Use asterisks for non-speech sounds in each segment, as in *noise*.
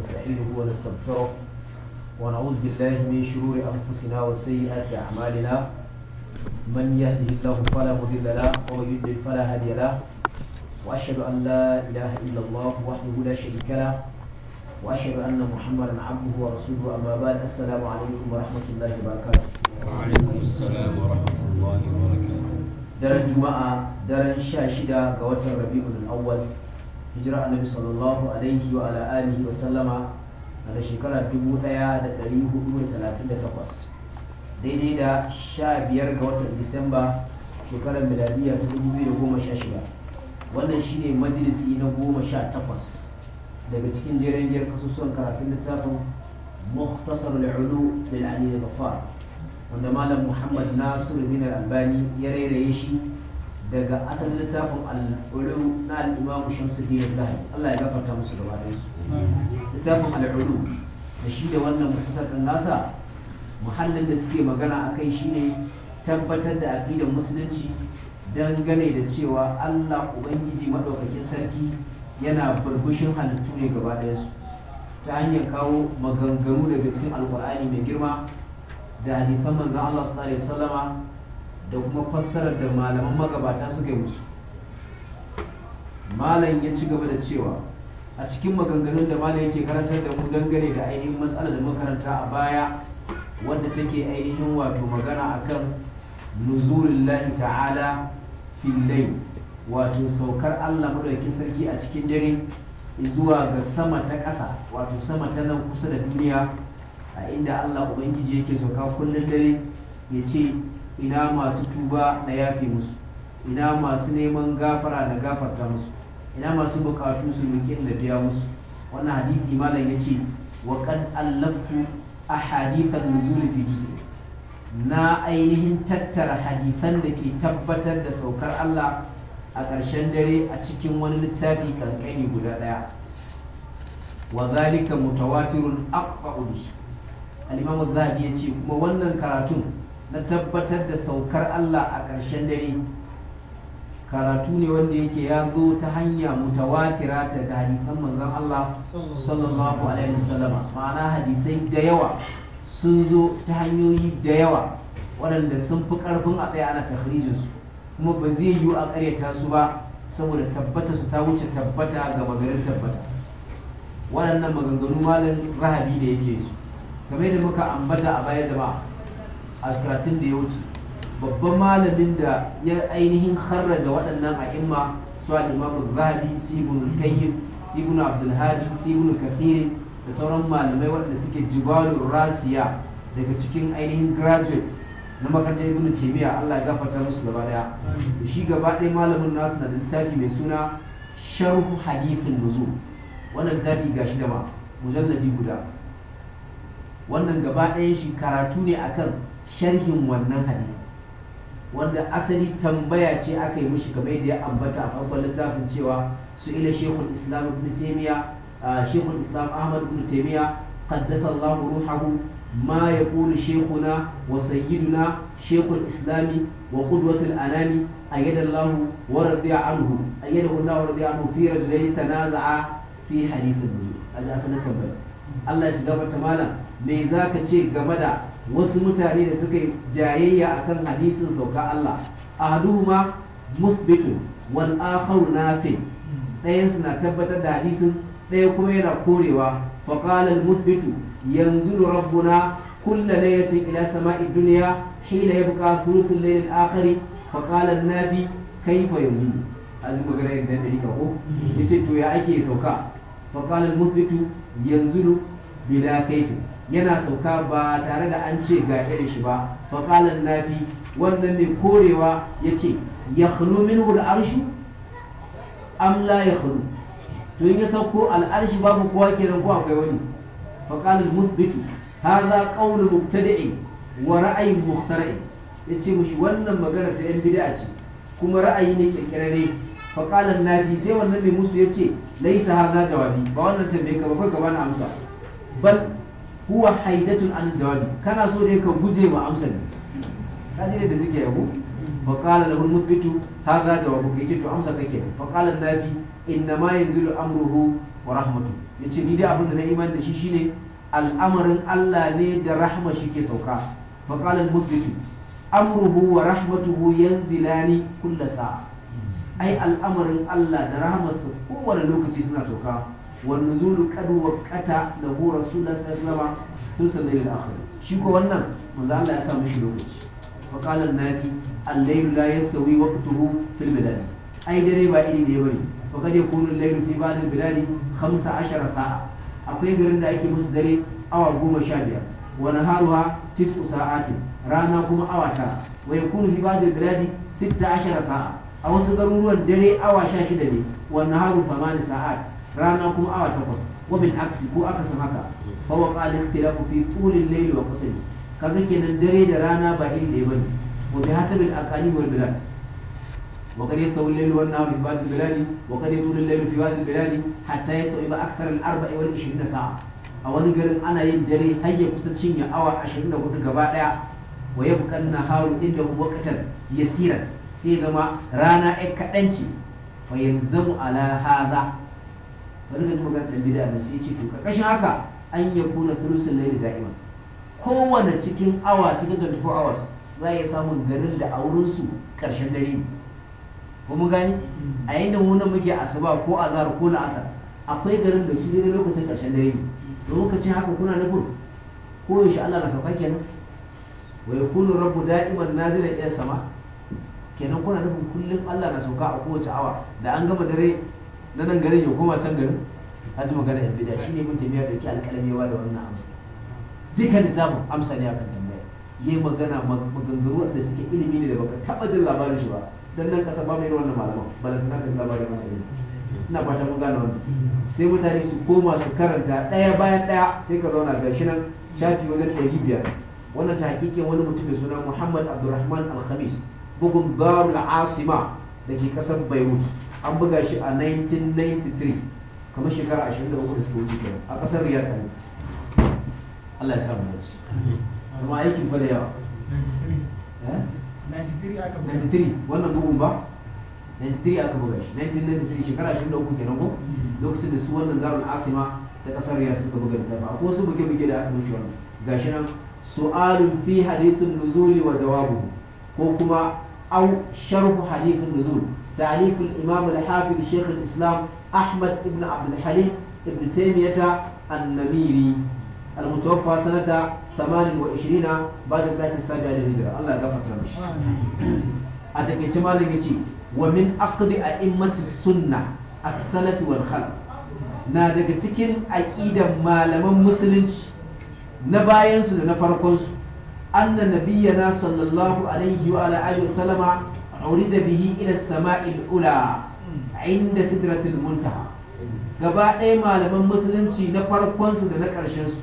ونستعينه ونستغفره ونعوذ بالله من شرور أنفسنا وسيئات أعمالنا من يهده الله فلا مضل له ومن يضلل فلا هادي له وأشهد أن لا إله إلا الله وحده لا شريك له وأشهد أن محمدا عبده ورسوله أما بعد السلام عليكم ورحمة الله وبركاته وعليكم السلام ورحمة الله وبركاته daren juma'a daren sha shida ga watan rabi'ul awwal hijira annabi sallallahu alaihi wa ala alihi wa sallama a da shekara 1438 daidai da 15 ga watan disamba shekarar miladiya ta 2016 wannan shine majalisi na 18 daga cikin jeren biyar kasusuwan karatun littafin la'ulu da مختصر العلو للعلي الغفار وإنما لم محمد ناصر albani ya rairaye shi. daga asalin littafin al'ulu na al'imamu shamsuddin zahabi Allah ya gafarta musu gaba da su littafin al'ulu da shi da wannan mutasar nasa muhallin da suke magana a kai shine tabbatar da aqidar musulunci gane da cewa Allah ubangiji madaukakin sarki yana burbushin halittu ne gaba su ta hanyar kawo maganganu daga cikin alkur'ani mai girma da hadisan manzon Allah sallallahu alaihi wasallama da kuma fassarar da malaman magabata suka yi musu malam ya ci gaba da cewa a cikin maganganun da malam yake karantar da mu dangane da ainihin matsalar da makaranta a baya wadda take ainihin wato magana akan nuzulillahi ta'ala fillai wato saukar allah maɗaukin sarki a cikin dare zuwa ga sama ta ƙasa wato sama ta nan kusa da duniya a inda allah ubangiji yake sauka kullum dare ya ce ina masu tuba na yafe musu ina masu neman gafara na gafarta musu ina masu bukatu su roƙi na biya musu wannan hadisi malam ya ce wa kad allaftu ahadithal nuzul fi na ainihin tattara hadithan da ke tabbatar da saukar Allah a ƙarshen dare a cikin wani littafi kankani guda ɗaya wa zalika mutawatirun aqfa'u al-imam az-zahabi yace kuma wannan karatun na tabbatar da saukar Allah a ƙarshen dare karatu ne wanda yake ya zo ta hanya mutawatira daga hadisan manzon Allah sallallahu alaihi wasallama ma'ana hadisai da yawa sun zo ta hanyoyi da yawa waɗanda sun fi ƙarfin a tsaye ana tafrijin su kuma ba zai yiwu a ƙaryata su ba saboda tabbata su ta wuce tabbata ga magarin tabbata waɗannan maganganu malam rahabi da yake su game da muka ambata a baya jama'a a da ya wuce babban malamin da ya ainihin harraja waɗannan a'imma su al zahabi sibun kayyim sibun abdulhadi sibun kafirin da sauran malamai waɗanda suke jibalun rasiya daga cikin ainihin graduates na makarantar ibn taymiya Allah ya gafarta musu gaba daya shi gaba ɗaya malamin nasu na da littafi mai suna sharhu hadithin nuzul wannan littafi shi da ma mujalladi guda wannan gaba ɗayan shi karatu ne akan sharhin wannan hadisi wanda asali tambaya ce aka yi mishi kamar yadda ya ambata a farkon littafin cewa su ila shekul islam ibn taymiya shekul islam ahmad ibn qaddasa allah ruhahu ma shekuna wa sayyiduna shekul islami wa qudwatul anami ayyada allah wa radiya anhu allah wa radiya anhu fi tanaza'a fi tambaya Allah ya shiga mata malam me ce game da wasu mutane da suka yi jayayya akan hadisin sauka Allah ahaduhuma muthbitun wal akharu nafi ɗayan su na tabbatar da hadisin ɗaya kuma yana korewa fa qala al muthbitu yanzu rabbuna kullu laylatin ila sama'i dunya hina yabqa ya al layl al fa qala an nafi kayfa yanzu azin magana yadda da ko mm-hmm. yace to ya ake sauka fa qala al muthbitu yanzu bila yana sauka ba tare da an ce ga irin shi ba faƙalan nafi wannan mai korewa ya ce ya hulu min al'arshu am la ya hulu to in ya sauko al'arshi babu kowa kenan ko akwai wani faƙalan musbitu hadha qawlu mubtadi'i wa ra'ayin ya ce mushi wannan magana ta yan bid'a ce kuma ra'ayi ne kirkirare faƙalan nafi sai wannan mai musu ya ce laisa hadha jawabi ba wannan tambaye ka ba kai ka bani amsa bal huwa haidatun an jawabi kana so dai ka guje ma amsar ka ji da suke yabo fa qala lahu mudbitu hadha jawabuka yace to amsa kake fa qala nafi inna ma yanzilu amruhu wa rahmatu yace ni dai abin da na imani da shi shine al'amarin Allah ne da rahma shi ke sauka fa qala mudbitu amruhu wa rahmatuhu yanzilani kulla sa'a ai al'amarin Allah da rahmarsa kowane lokaci suna sauka والنزول قد وقت له رسول الله صلى الله عليه وسلم ثلث الليل الاخر شي ko wannan manzo Allah ya sa mishi lokaci fa qala an-nafi al-layl la yastawi waqtuhu fil bilad ai dare ba iri da bane fa kad yakunu 15 sa'a akwai garin da ake musu dare awa 15 wa naharuha 9 sa'atin rana kuma awa tara Wai yakunu fi ba'd al-bilad sa'a a wasu garuruwan dare awa shida ne wa naharu 8 sa'at rana kuma awa takwas wabin aksi ko aka sama bawa kalin tilafu fi tulin laili wa kusuri kaga kenan dare da rana ba iri da yabani wa bi hasabin alkali wal bilad wa kad yastawi al-layl wa an-nahar fi wadi al-bilad wa kad yadur al-layl fi wadi al-bilad hatta sa'a a wani garin ana yin dare har ya kusa cinye awa 24 gaba daya wa yabqa an-naharu inda huwa qatan yasiran sai zama rana ai kadanci fa a ala hadha bari ka ji magana dan bid'a ne sai ce to karkashin haka an yi kuna thulusul layli da'iman kowane cikin awa cikin 24 hours za a iya samun garin da a wurin su karshen dare ne ko mu gani a yayin da mu nan muke asuba ko azhar ko asar akwai garin da su ne lokacin karshen dare ne lokacin haka kuna nufin ko yaushe Allah na sauka kenan wa yakunu rabbu da'iman nazilan ila sama kenan kuna nufin kullum Allah na sauka a kowace awa da an gama dare na nan garin ya koma can garin a ji magana yan bida shi ne mun tafiya da ke wa da wannan amsa dukkan littafin amsa ne akan tambaya yayi magana maganganu da suke ilimi ne da baka taɓa jin labarin shi ba dan nan kasa ba mai wannan malaman balanta na kan labarin malamin ina fata mun gane wannan sai mutane su koma su karanta ɗaya bayan ɗaya sai ka zauna ga shi nan shafi wajen ɗari biyar wannan ta hakikin wani mutum da suna muhammad abdulrahman alhamis bugun darul asima da ke ƙasar beirut an buga shi a 1993 kamar shekara 23 da suka wuce kenan a ƙasar riyar ɗan Allah ya samu dace amma aikin kwale yawa 93 eh? wannan bugun ba 93 aka buga shi 1993 shekara 23 kenan ko mm. lokacin da su wannan zarul asima ta kasar riyar suka buga littafi akwai wasu buge-buge da aka wuce wannan gashi nan su'alun fi hadisin nuzuli wa jawabu ko kuma au sharhu hadisin nuzuli تعريف الإمام الحافظ شيخ الإسلام أحمد بن عبد الحليم بن تيمية النميري المتوفى سنة 28 بعد البيت السابع للهجرة الله يغفر له أتكيت مالك ومن أقد أئمة السنة السلف والخلف na daga cikin aƙidan malaman musulunci na bayansu da na farkonsu anna nabiyyana sallallahu alaihi wa alihi wa sallama أورد bihi إلى Sama'il الأولى inda sidratil المنتهى gaba ɗaya malaman musulunci na farkonsu da na ƙarshensu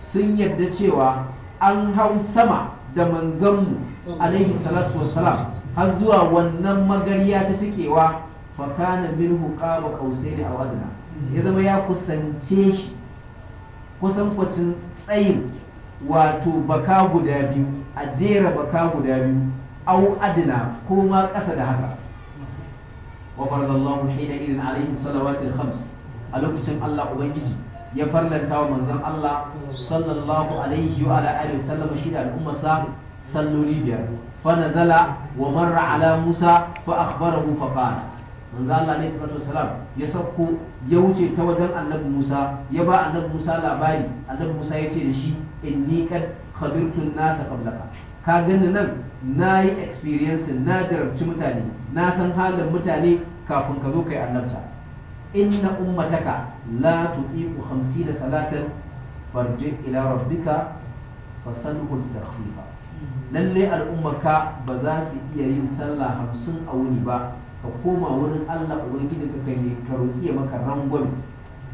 sun yadda cewa an hau sama da manzanmu alaihi salatu wassalam har zuwa wannan magariya ta tikewa fakana min hukama kausai ne a ya zama ya kusance shi kusan kwacin tsayin wato baka guda biyu a jera baka guda biyu au adina koma ma ƙasa da haka a lokacin Allah ubangiji ya farlanta wa manzon Allah sallallahu sauko ya ta wajen annabi Musa ya ba annabi Musa labari annabi ya ce da shi nasa nan na yi experience na jarabci mutane na san halin mutane kafin ka zo kai annabta inna ummataka la tuqiqu 50 salatan farji ila rabbika fasalhu takhfifa lalle al'ummarka ba za su iya yin sallah hamsin a wuni ba ka koma wurin Allah ubangijin ka kai ka roki ya maka rangwami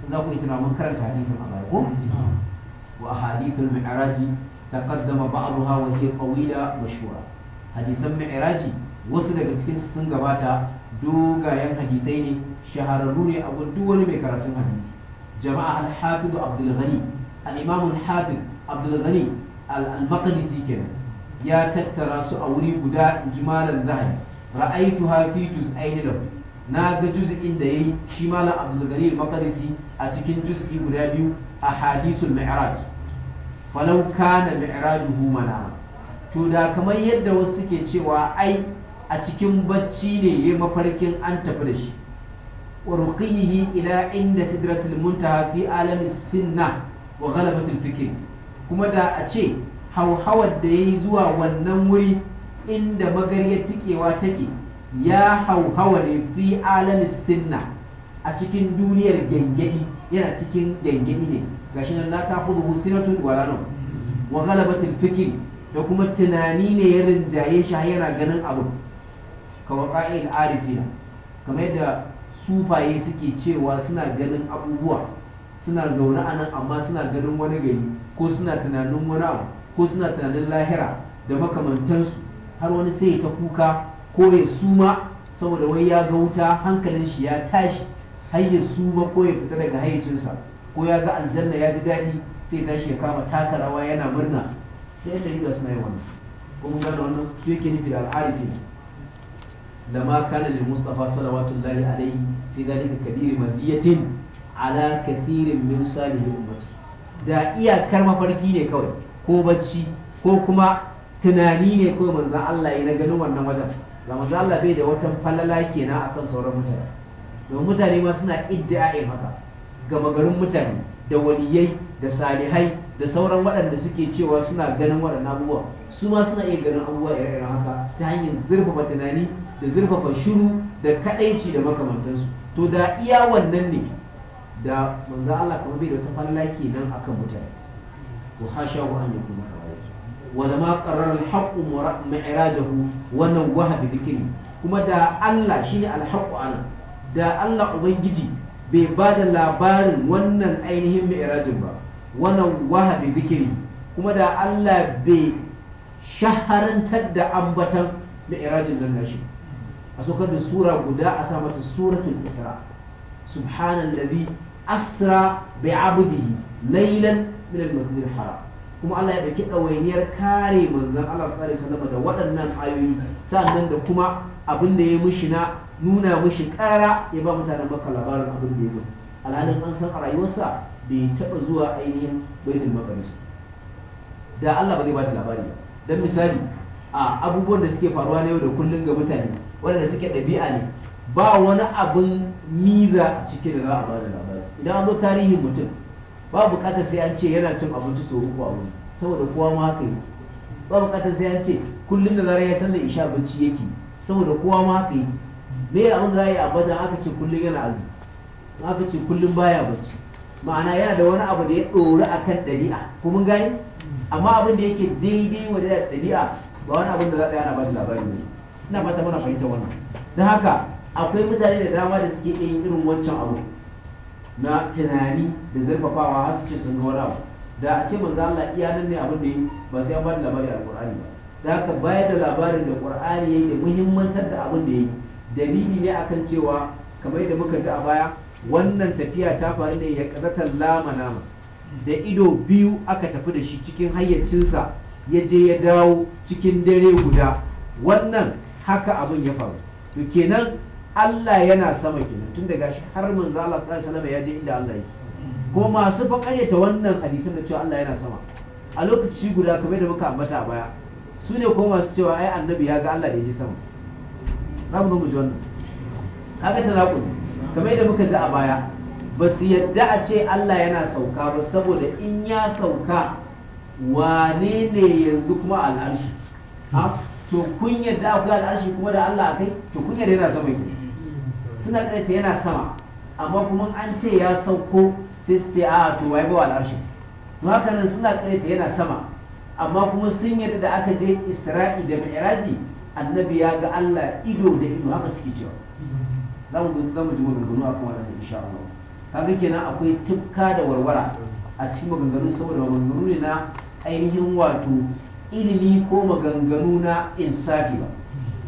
za ku yi tunanin karanta hadisin a baya ko mm-hmm. wa ahadithul mi'raji taqaddama ba'daha wa hiya qawila mashhura hadisan mi'raji wasu daga cikin sun gabata dogayen hadisai ne shahararru ne a duk wani mai karatun hadisi jama'a al-hafidu abdul ghani al-imam al-hafid abdul ghani al-maqdisi kenan ya tattara su a wuri guda in ji malam zahabi ra'aituha fi juz'aini lahu na ga juz'in da yayi shi malam abdul ghani al-maqdisi a cikin juz'i guda biyu a hadisul mi'raj falau kana mi'rajuhu manama to da kamar yadda wasu ke cewa ai a cikin bacci ne ya mafarkin an tafi da shi wa ruqiyihi ila inda sidratul muntaha fi alami sinna wa ghalabatul fikr kuma da a ce hauhawar da yayi zuwa wannan wuri inda magariyar tikewa take ya hauhawa ne fi alami sinna a cikin duniyar gengedi yana cikin gengedi ne gashi nan la ta hudu sinatun wala wa ghalabatul fikr da kuma tunani ne ya rinjaye shi yana ganin abu kamar ƙa'il arifiya kamar yadda sufaye suke cewa suna ganin abubuwa suna zaune a nan amma suna ganin wani gari ko suna tunanin wani abu ko suna tunanin lahira da makamantansu har wani sai ya ta kuka ko ya suma saboda wai ya ga wuta hankalin shi ya tashi har ya suma ko ya fita daga hayyacinsa ko ya ga aljanna ya ji daɗi sai tashi ya kama taka rawa yana murna sai shi riga suna yin wannan kuma gano wannan su yake nufi da da ma kana lil mustafa salawatullahi alaihi fi dalika kabiri maziyatin ala kathirin min salihi ummati da iyakar mafarki ne kawai ko bacci ko kuma tunani ne ko manzan Allah ya na ganin wannan wajen da manzan Allah bai da wata falala kenan akan sauran mutane domin mutane ma suna iddia'in haka gama magarin mutane da waliyai da salihai da sauran waɗanda suke cewa suna ganin waɗannan abubuwa su ma suna iya ganin abubuwa ire-iren haka ta hanyar zurfafa tunani da zurfafa shiru da kadaici da makamantansu to da iya wannan ne da manzan Allah kamar bai da wata falla kenan akan mutane wa hasha wa an yakun wala ma qarrar al-haqqu mi'rajahu wa nawaha kuma da Allah shi ne haqqu ana da Allah ubangiji bai ba da labarin wannan ainihin mi'rajin ba wannan wahabi zikiri kuma da Allah bai shaharantar da ambatan mi'rajin nan nashi a sokar da sura guda a sa mata suratul isra subhanallazi asra bi abdihi laylan min al-masjidil haram kuma Allah ya dauki ɗawainiyar kare manzon Allah su alaihi sallama da waɗannan ayoyi sannan da kuma abin da ya mishi na nuna mishi ƙara ya ba mutanen baka labarin abin da ya yi alhalin an san a rayuwarsa bai taɓa zuwa ainihin baitul maqdis da Allah ba zai bada labari dan misali a abubuwan da suke faruwa na yau da kullun ga mutane waɗanda suke ɗabi'a ne ba wani abin miza cike da za a bada labari idan an zo tarihin mutum ba buƙatar sai an ce yana cin abinci sau uku a wuri saboda kowa ma haka yi ba buƙatar sai an ce kullun da zarar ya san da isha bacci yake saboda kowa ma haka yi me abin da za a yi a bada aka ce kullun yana azumi aka ce kullun baya bacci ma'ana yana da wani abu da ya ɗori akan ɗabi'a ko mun gani amma abin da yake daidai wa da ɗabi'a ba wani abin da za yana ba da labari ne ina fata muna fahimtar wannan don haka akwai mutane da dama da suke yin irin wancan abu na tunani da zarfafawa har su sun ga wani abu da a ce manzo Allah iya nan ne abin da yi ba sai an ba da labari a Qur'ani ba da haka bayar da labarin da Qur'ani yayi da muhimmantar da abin da yi dalili ne akan cewa kamar yadda muka ji a baya wannan tafiya ta faru ne ya ƙazatar lama nama da ido biyu aka tafi da shi cikin hayyacinsa ya je ya dawo cikin dare guda wannan haka abin ya faru to kenan Allah yana sama kenan tun daga shi har manzo Allah sallallahu alaihi ya je inda Allah yake ko masu ta wannan hadisin da cewa Allah yana sama a lokaci guda kamar da muka ambata a baya su ne ko masu cewa ai annabi ya ga Allah da ya je sama za mu ji wannan haka tanakuli kamar yadda muka ji a baya ba su yadda a ce Allah yana sauka ba saboda in ya sauka wane ne yanzu kuma al'arshi to kun yadda akwai al'arshi kuma da Allah akai to kun yadda yana sama ke suna karanta yana sama amma kuma an ce ya sauko sai su ce a to wai ba al'arshi to haka nan suna karanta yana sama amma kuma sun yadda da aka je Isra'i da Mi'raji annabi ya ga Allah ido da ido haka suke cewa za mu za mu ji maganganu akan wannan insha Allah kaga kenan akwai tufka da warwara a cikin maganganu saboda maganganu ne na ainihin wato ilimi ko maganganu na insafi ba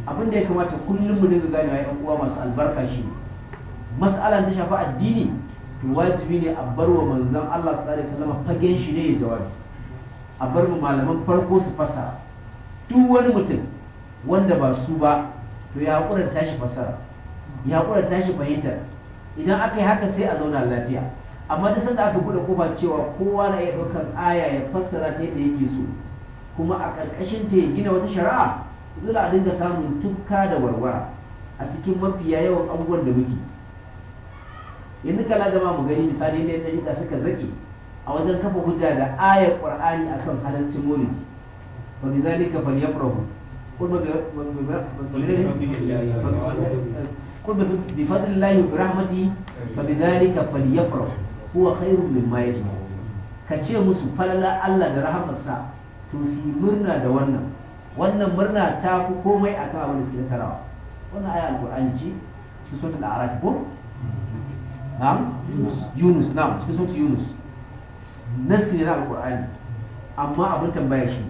abin da ya kamata kullum mu dinga ganewa yan uwa masu albarka shi mas'alan ta shafi addini to wajibi ne a bar wa manzon Allah tsare alaihi wasallam fagen shi ne ya jawabi a bar mu malaman farko su fasa duk wani mutum wanda ba su ba to ya haƙura tashi fasara. ya tashi fahimtar idan aka yi haka sai a zauna lafiya amma duk sanda aka buɗe kofa cewa kowa na iya ɗaukar aya ya fassara ta yadda yake so kuma a ƙarƙashin ta ya gina wata shari'a dole a dinga samun tukka da warwara a cikin mafiya yawan abubuwan da muke yanzu kala zama mu gani misali ne ɗariƙa suka zaki a wajen kafa hujja da ayar ƙur'ani akan halarcin maulidi bi zalika falyafrahu bi قل بفضل الله وبرحمته فبذلك فليفرحوا هو خير مما Ka ce musu falala Allah da rahamarsa to su murna da wannan wannan murna ta fi komai akan abin da suke tarawa wannan aya alqur'ani ce cikin suratul a'raf ko na'am yunus na'am cikin suratul yunus nasi ne na alqur'ani amma abin tambaya shi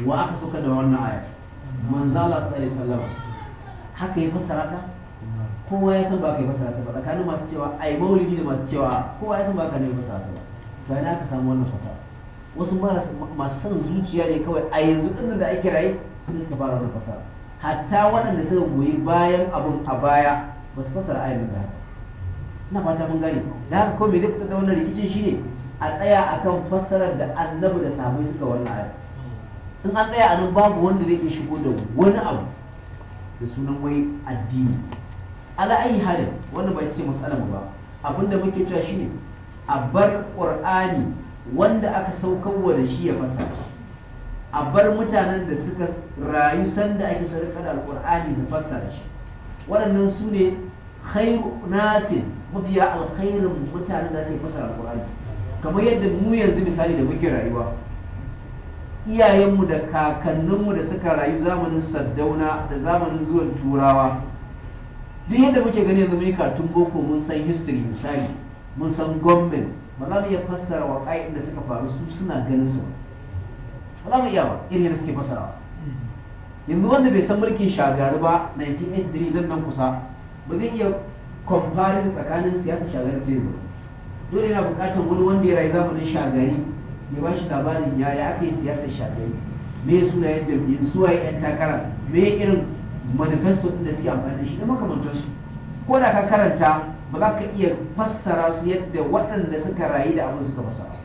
wa aka da wannan haka ya fassara ta kowa ya san ba ka yi fassara ba tsakanin masu cewa ai maulidi da masu cewa kowa ya san ba ka ne fassara ta ba to yana aka samu wannan fassara wasu masu san zuciya ne kawai a yanzu ɗin da ake raye su ne suka fara wannan fassara hatta waɗanda suka goyi bayan abun a baya ba su fasara ayin da haka ina fata mun gane da haka kawai mai fitar da wannan rikicin shine a tsaya akan fassarar da annabi da sahabbai suka wannan ayar in an tsaya a nan babu wanda zai iya shigo da wani abu da sunan wai addini ala ayi halin wannan ba ita ce alama ba abinda muke cewa shine a bar qur'ani wanda aka saukarwa da shi ya fassara shi a bar mutanen da suka rayu sanda ake sadakar alkur'ani su fassara shi waɗannan su ne nasin mafiya alkhairin mutanen da suke fassara alqur'ani kamar yadda mu yanzu misali da muke rayuwa iyayenmu da kakanninmu da suka rayu zamanin saddauna da zamanin zuwan turawa duk yadda muke gani yanzu mai katun boko mun san history misali mun san gwamnan ba za mu iya fassara wa da suka faru su suna ganin su ba za mu iya ba irin yadda suke fassarawa yanzu wanda bai san mulkin shagari ba 1983 nan nan kusa ba zai iya comparison tsakanin siyasa shagari ta yanzu dole yana bukatar wani wanda ya rayu zamanin shagari ya ba shi labarin ya ya aka yi siyasar shafi'i me sunayen jam'iyyun suwaye yan takara me irin manifesto ɗin da suke amfani da shi da makamantansu ko da ka karanta ba za ka iya fassara su yadda waɗanda suka rayu da abin suka fassara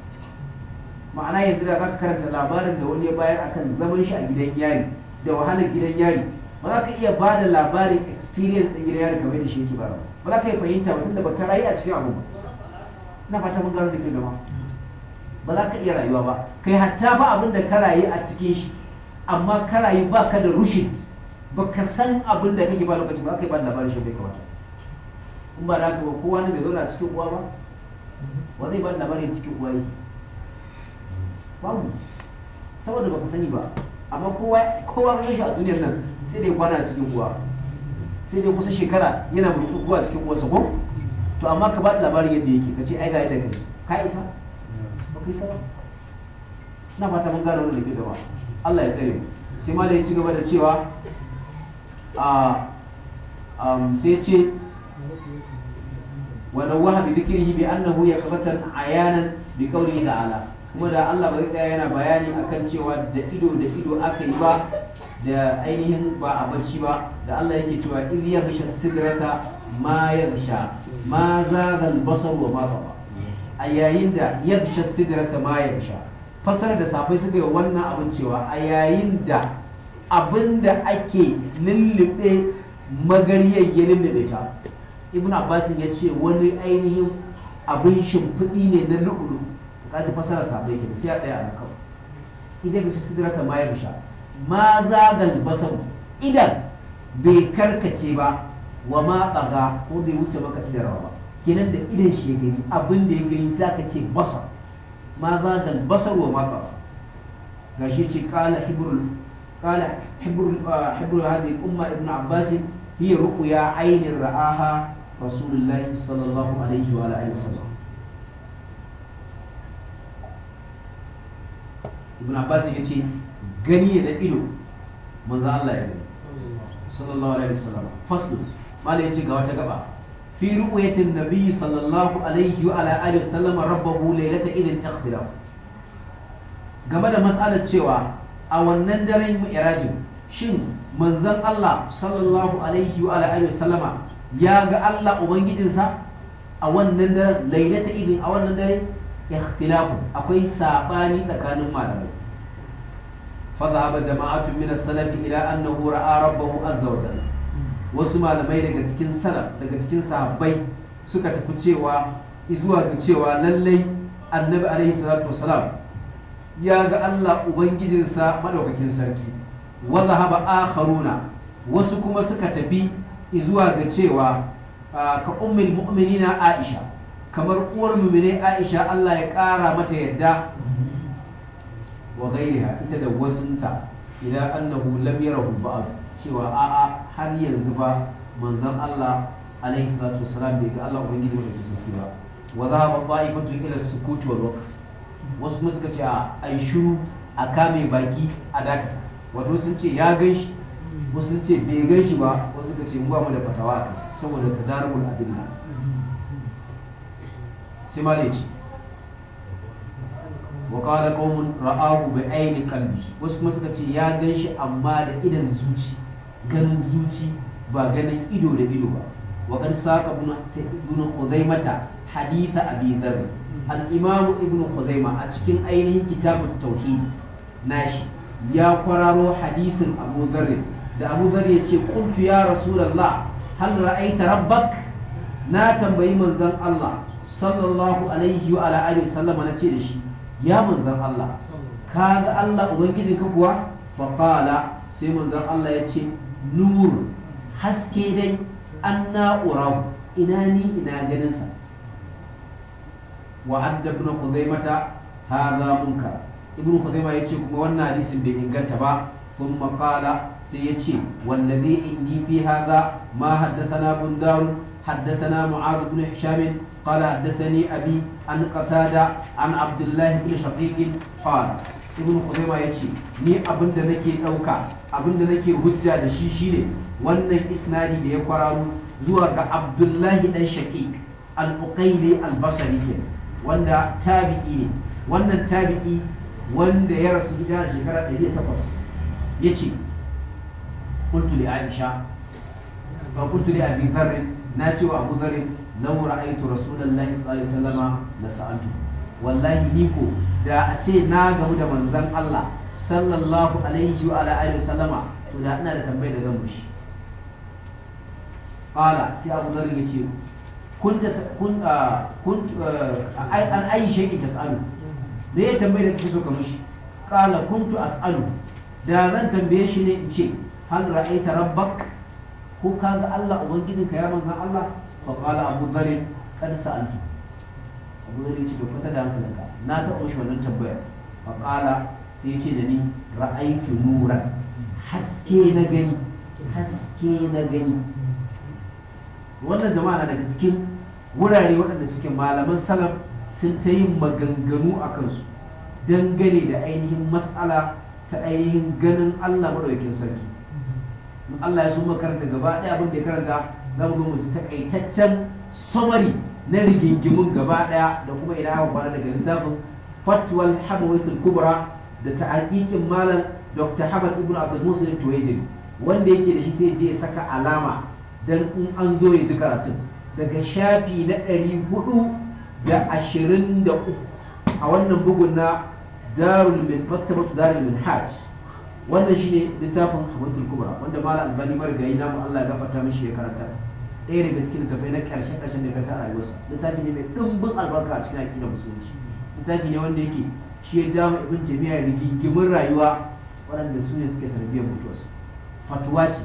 ma'ana yanzu da za ka karanta labarin da wani ya bayar akan zaman shi a gidan yari da wahalar gidan yari ba za ka iya ba da labarin experience ɗin gidan yari kamar yadda shi yake ba ba za ka iya fahimta ba tunda ba ka rayu a cikin abu ba na fata mun gano da ke zama ba za ka iya rayuwa ba kai hatta ba abin da ka a cikin shi amma ka ba ka da rushin ba ka san abin da kake ba lokacin ba ka yi ba labarin shi bai kamata in ba da ba kowa ne bai zauna cikin uwa ba wa zai ba labarin cikin uwa yi babu saboda ba ka sani ba amma kowa kowa ka shi a duniyar nan sai dai kwana a cikin uwa sai dai kusa shekara yana mutu uwa cikin uwarsa ko to amma ka ba labarin yadda yake ka ce ai ga yadda kai ka isa ba kai sama na fata mun gane wannan ke zama Allah ya tsare mu sai ma ya ci gaba da cewa a sai ce wa nawaha bi dhikrihi bi annahu yaqatan ayanan bi qawlihi ta'ala kuma da Allah bai tsaya yana bayani akan cewa da ido da ido aka yi ba da ainihin ba a bacci ba da Allah yake cewa idh yaghsha sidrata ma yaghsha ma zaga albasar basar wa ma a yayin da yarsha ta ma sha, fasara da safai suka yi wannan abin cewa a yayin da abin da ake lullube magariyar ya lullube ta ibn abbas ya ce wani ainihin abin shimfiɗi ne na lu'ulu ka ji fasara safai ke sai a ɗaya a kan idan ka sidrata ma yarsha ma da basar idan bai karkace ba wa ma tsaga ko bai wuce maka idarawa ba kenan da idan shi ya gani abin da ya gani sai aka ce basar ma za zan basar wa maka ga shi ce kala hibrul kala hibrul ah, hibrul hadhihi umma ibn abbas hiya ruqya ainin ra'aha rasulullahi sallallahu alaihi wa alihi wasallam ibn abbas ya ce gani da ido manzo Allah ya gani sallallahu alaihi wasallam faslu malai ce ga wata gaba في رؤية النبي صلى الله عليه وعلى آله وسلم ربه ليلة إذن اختلاف game da matsalar cewa a wannan daren irajin shin manzon Allah sallallahu alaihi wa alihi wasallama ya ga Allah ubangijinsa a wannan daren lailata idin a wannan dare ikhtilafu akwai saɓani tsakanin malamai fa dhahaba jama'atu min as-salaf ila annahu ra'a rabbahu wasu malamai daga cikin salaf daga cikin sahabbai suka tafi cewa izuwa ga cewa lallai annabi alaihi salatu wasalam ya ga Allah ubangijinsa madaukakin sarki wa zahaba akharuna wasu kuma suka tafi izuwa ga cewa ka ummul mu'minina Aisha kamar uwar mumine Aisha Allah ya ƙara mata yadda wa gairiha ita da wasunta ila annahu lam yarahu ba'd cewa a'a har yanzu ba manzon Allah alaihi salatu wasalam bai ga Allah ubangiji wanda ke sarki ba wa za ba ta'ifatu ila sukuti wal waqf wasu kuma suka ce a ai shiru a kame baki a dakata wato sun ce ya gan shi wasu sun ce bai gan shi ba wasu suka ce mu ba mu da fatawa akan saboda tadarubul adilla sai ma ce wa qala qaumun ra'ahu bi ayni qalbi wasu kuma suka ce ya gan shi amma da idan zuci. ganin zuci ba ganin ido da ido ba وقد ساق ابن ابن خزيمة حديث أبي ذر a cikin ainihin أتكين أين na shi ya يا قرارو حديث أبو ذر da Abu Dhar ya ce kuntu ya Rasulullah hal ra'aita rabbak na tambayi manzon Allah sallallahu alaihi wa ala alihi sallama nace da shi ya manzon Allah kaga Allah ubangijinka kuwa fa qala sai manzon Allah ya ce nur haske dai an na'urahu ina ni ina ganinsa wa adda ibn khuzaimata hadha munkar ibn khuzaima yace kuma wannan hadisin bai inganta ba thumma qala sai yace wallazi inni fi hadha ma haddathana bundar حدثنا معاذ بن هشام قال حدثني أبي عن قتادة عن عبد الله بن شقيق قال ibn kuzaima ya ce ni abin da nake ɗauka abin da nake hujja da shi shine wannan isnadi da ya kwararo zuwa ga abdullahi dan shaqiq al-uqayli al-basri wanda tabi'i ne wannan tabi'i wanda ya rasu gida da shekara 108 ya ce kuntu li aisha ba kuntu li abi dharr na ce wa abu dharr law ra'aytu rasulullahi sallallahu alaihi wasallama la sa'altu da a ce na gamu da manzan Allah sallallahu alaihi wa ala alihi wa sallama to da ina da tambayar da zan mushi qala sai Abu Dharr ya ce kun kun kun an ayi shay'in tas'alu me ya tambayar da kake so ka mushi qala kuntu as'alu da zan tambaye shi ne in ce hal ra'aita rabbak ko ka ga Allah ubangijinka ya manzan Allah fa qala Abu Dharr kad sa'altu Abu Dharr ya ce to kwata da hankalinka na taɓa shi wannan tambayar faƙala sai ce da ni ra'aitu nura haske na gani haske na gani wannan jama'a na daga cikin wurare waɗanda suke malaman salaf sun ta yin maganganu a kansu dangane da ainihin matsala ta ainihin ganin allah maɗaukin sarki in allah ya sun makaranta gaba ɗaya abin da ya karanta za mu ga mutu takaitaccen samari na rigingimun gaba daya da kuma ina yawan kwana daga littafin fatwal hamawaitul kubra da ta'aqiqin malam dr hamad ibn abdul musulun tuwaijin wanda yake da shi sai je saka alama don in an zo ya ji karatun daga shafi na ɗari hudu da ashirin da uku a wannan bugun na darul min maktabatu darul min hajj wannan shine littafin hamadatul kubra wanda malam albani marigayi namu Allah ya gafarta mishi ya karanta ɗaya daga cikin littafai na ƙarshen ƙarshen da karta a rayuwarsa littafi ne mai ɗumbin albarka a cikin aƙidar musulunci littafi ne wanda yake shi ya ja ibn jami'a rigigimin rayuwa waɗanda su ne suke sanadiyar mutuwarsu fatuwa ce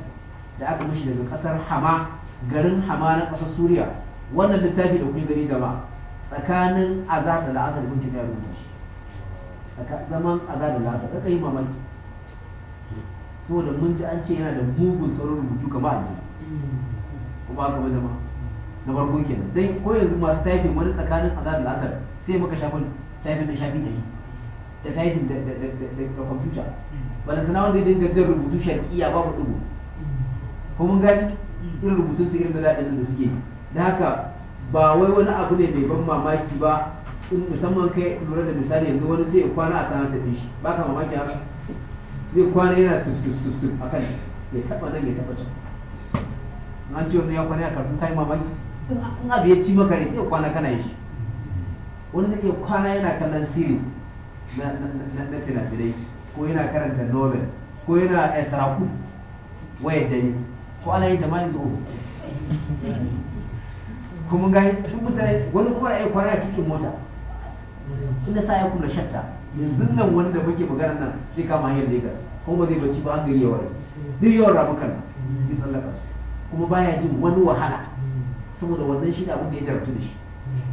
da aka mishi daga ƙasar hama garin hama na ƙasar suriya wannan littafi da kuma gari jama'a tsakanin azar da la'asar ibn jami'a rubuta shi zaman azar da la'asar ɗaɗa yi mamaki saboda mun ji an ce yana da mugun sauran rubutu kamar aljihar ko ba ka ba jama'a na farko kenan dan ko yanzu masu taifin wani tsakanin azar da asar sai maka shafin taifin da shafin yayi da taifin da da kwamfuta wanda sana wanda ya dinga jin rubutu sharkiya babu dubu ko mun gani irin rubutun su irin da zaɗin da suke da haka ba wai wani abu ne mai ban mamaki ba in musamman kai lura da misali yanzu wani sai ya kwana a kan hasafin shi ba ka mamaki haka zai kwana yana sif sif sif a kan ya taɓa nan ya taɓa can na ce wani ya kwana a karfin kayan mamaki in abu ya ci maka ne sai kwana kana yi wani zai iya kwana yana kallon series na fina-finai ko yana karanta novel ko yana estaraku waya dare ko ana yin tamani zuwa kuma gani tun mutane wani kuma ya kwana a tukin mota ina sa ya kula shatta yanzu nan wani da muke magana nan zai kama hanyar lagos kuma ba zai bacci ba hankali yawar duk yawan ramukan zai tsallaka su kuma baya jin wani wahala hmm. saboda wannan shi abin da ya jarabtu da shi hmm.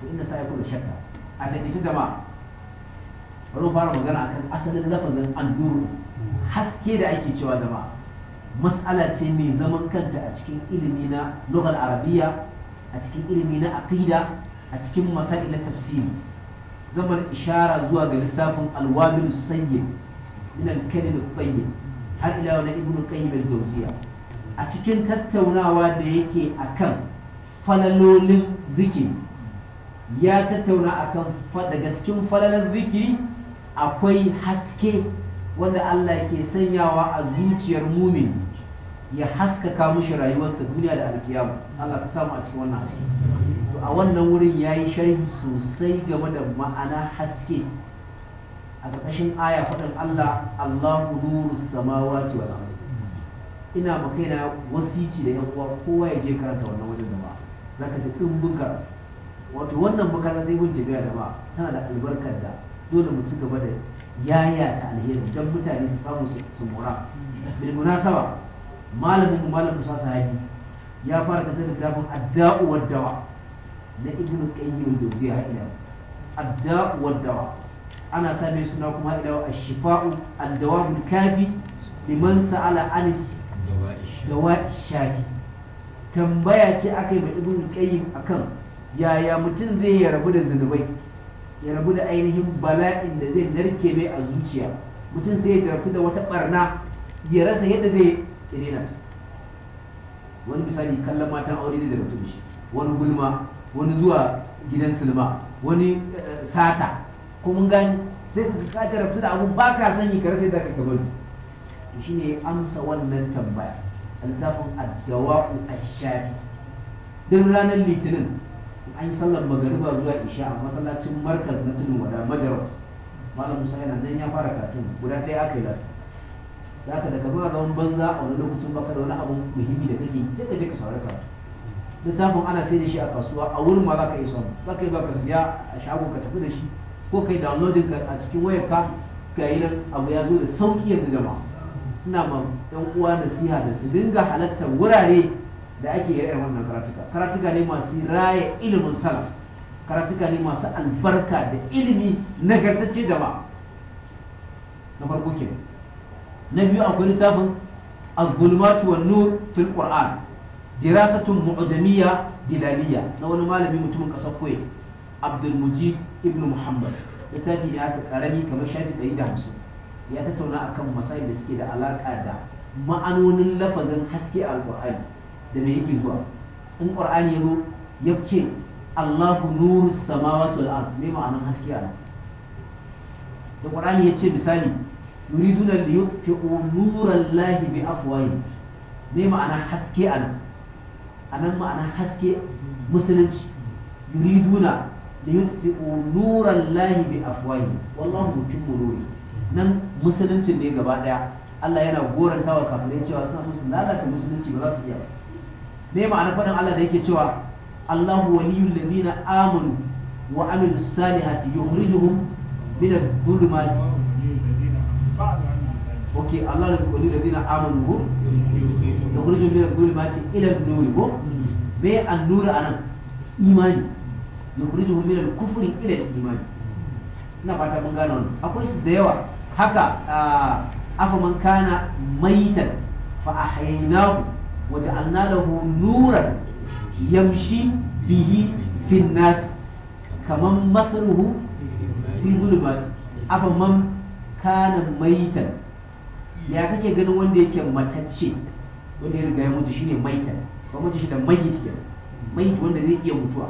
to inna sa ya kula shakka a takaice gama, bari fara magana akan asalin lafazin annuru hmm. haske da ake cewa gama, mas'ala ce mai zaman kanta a cikin ilimi na lughal arabiya a cikin ilimi na aqida a cikin masail na tafsiri zaman ishara zuwa ga littafin alwabil sayyid min al-kalim at-tayyib har ila wa ibnu qayyim al a cikin tattaunawa da yake kan falalolin zikiri ya tattauna a kan daga cikin falalar zikiri akwai haske wanda Allah ke sanyawa a zuciyar mumin ya haskaka mushi rayuwarsa duniya da alkiyama Allah ka samu a cikin wannan haske a wannan wurin ya yi sharhi sosai game da ma'ana haske a ƙarƙashin aya faɗin Allah Allahu nuru samawati wal ina ma kaina wasici da yan uwa kowa ya je karanta wannan wajen da ba za ka ji ɗumbin wato wannan makaranta zai mun jami'a da ba tana da albarkar da dole mu ci gaba da yaya ta alheri don mutane su samu su mura bil sama malamin mu malamin Musa Sahabi ya fara da littafin adda'u wad dawa na ibn qayyim jawziya ila adda'u dawa ana same suna kuma ila ash-shifa'u al-jawab kafi liman sa'ala an gawa shafi tambaya ce aka yi ma ibn qayyim akan yaya mutum zai ya rabu da zunubai ya rabu da ainihin bala'in da zai narke mai a zuciya mutum sai ya tarabtu da wata barna ya rasa yadda zai rena wani misali kallon matan aure zai tarabtu shi wani gulma wani zuwa gidan silma wani eh, sata kuma gani sai ka ka tarabtu da abu ba ka sanyi ka rasa yadda ka gabani to shine ya amsa wannan tambaya littafin addawa'u shafi duk ranar litinin an yi sallar magariba zuwa isha a masallacin markaz na tudun wada malam musa yana nan ya fara katin guda ɗaya aka yi lasa za ka daga zuwa zaman banza a wani lokacin baka da wani abu muhimmi da kake sai ka je ka saurari karatu littafin ana sai da shi a kasuwa a wurin ma za ka yi son za ka yi ba ka siya a shago ka tafi da shi ko kai downloading ka a cikin wayarka ga yi nan abu ya zo da sauƙi yanzu jama'a ina ma yan uwa nasiha da su dinga halartar wurare da ake yi irin wannan karatuka karatuka ne masu raya ilimin salaf karatuka ne masu albarka da ilimi nagartacce jama'a na farko ke na biyu akwai littafin al gulmatu wan nur fil qur'an dirasatun mu'jamiyya dilaliya na wani malami mutumin kasar kuwait abdul mujib ibn muhammad littafi ne aka karami kamar shafi 150 ya tattauna akan masail da suke da alaka da ma'anonin lafazin haske a alqur'ani da me yake zuwa in qur'ani ya zo ya ce Allahu nuru samawati wal me ma'anan haske a da qur'ani ya ce misali yuriduna li yutfi'u bi me haske a anan haske musulunci yuriduna li yutfi'u bi wallahu nan musulunci ne gaba daya Allah yana goranta wa kafirai cewa suna so su lalata musulunci ba za su iya ba me ma'anar fadan Allah da yake cewa Allahu waliyul ladina amanu wa amilus salihati yukhrijuhum min adh-dhulumati okay Allah waliyul ladina amanu yukhrijuhum min adh-dhulumati ila an-nur ko me an-nur anan imani yukhrijuhum min al-kufri ila al-imani ina fata mun gane wannan akwai su da yawa haka afa man kana maitan fa ahyaynahu wa ja'alna lahu nuran yamshi bihi fi nas kaman mathruhu fi zulmat afa man kana maitan ya kake ganin wanda yake matacce wanda ya riga ya mutu shine maitan ba mutu shi da mayit ke mayit wanda zai iya mutuwa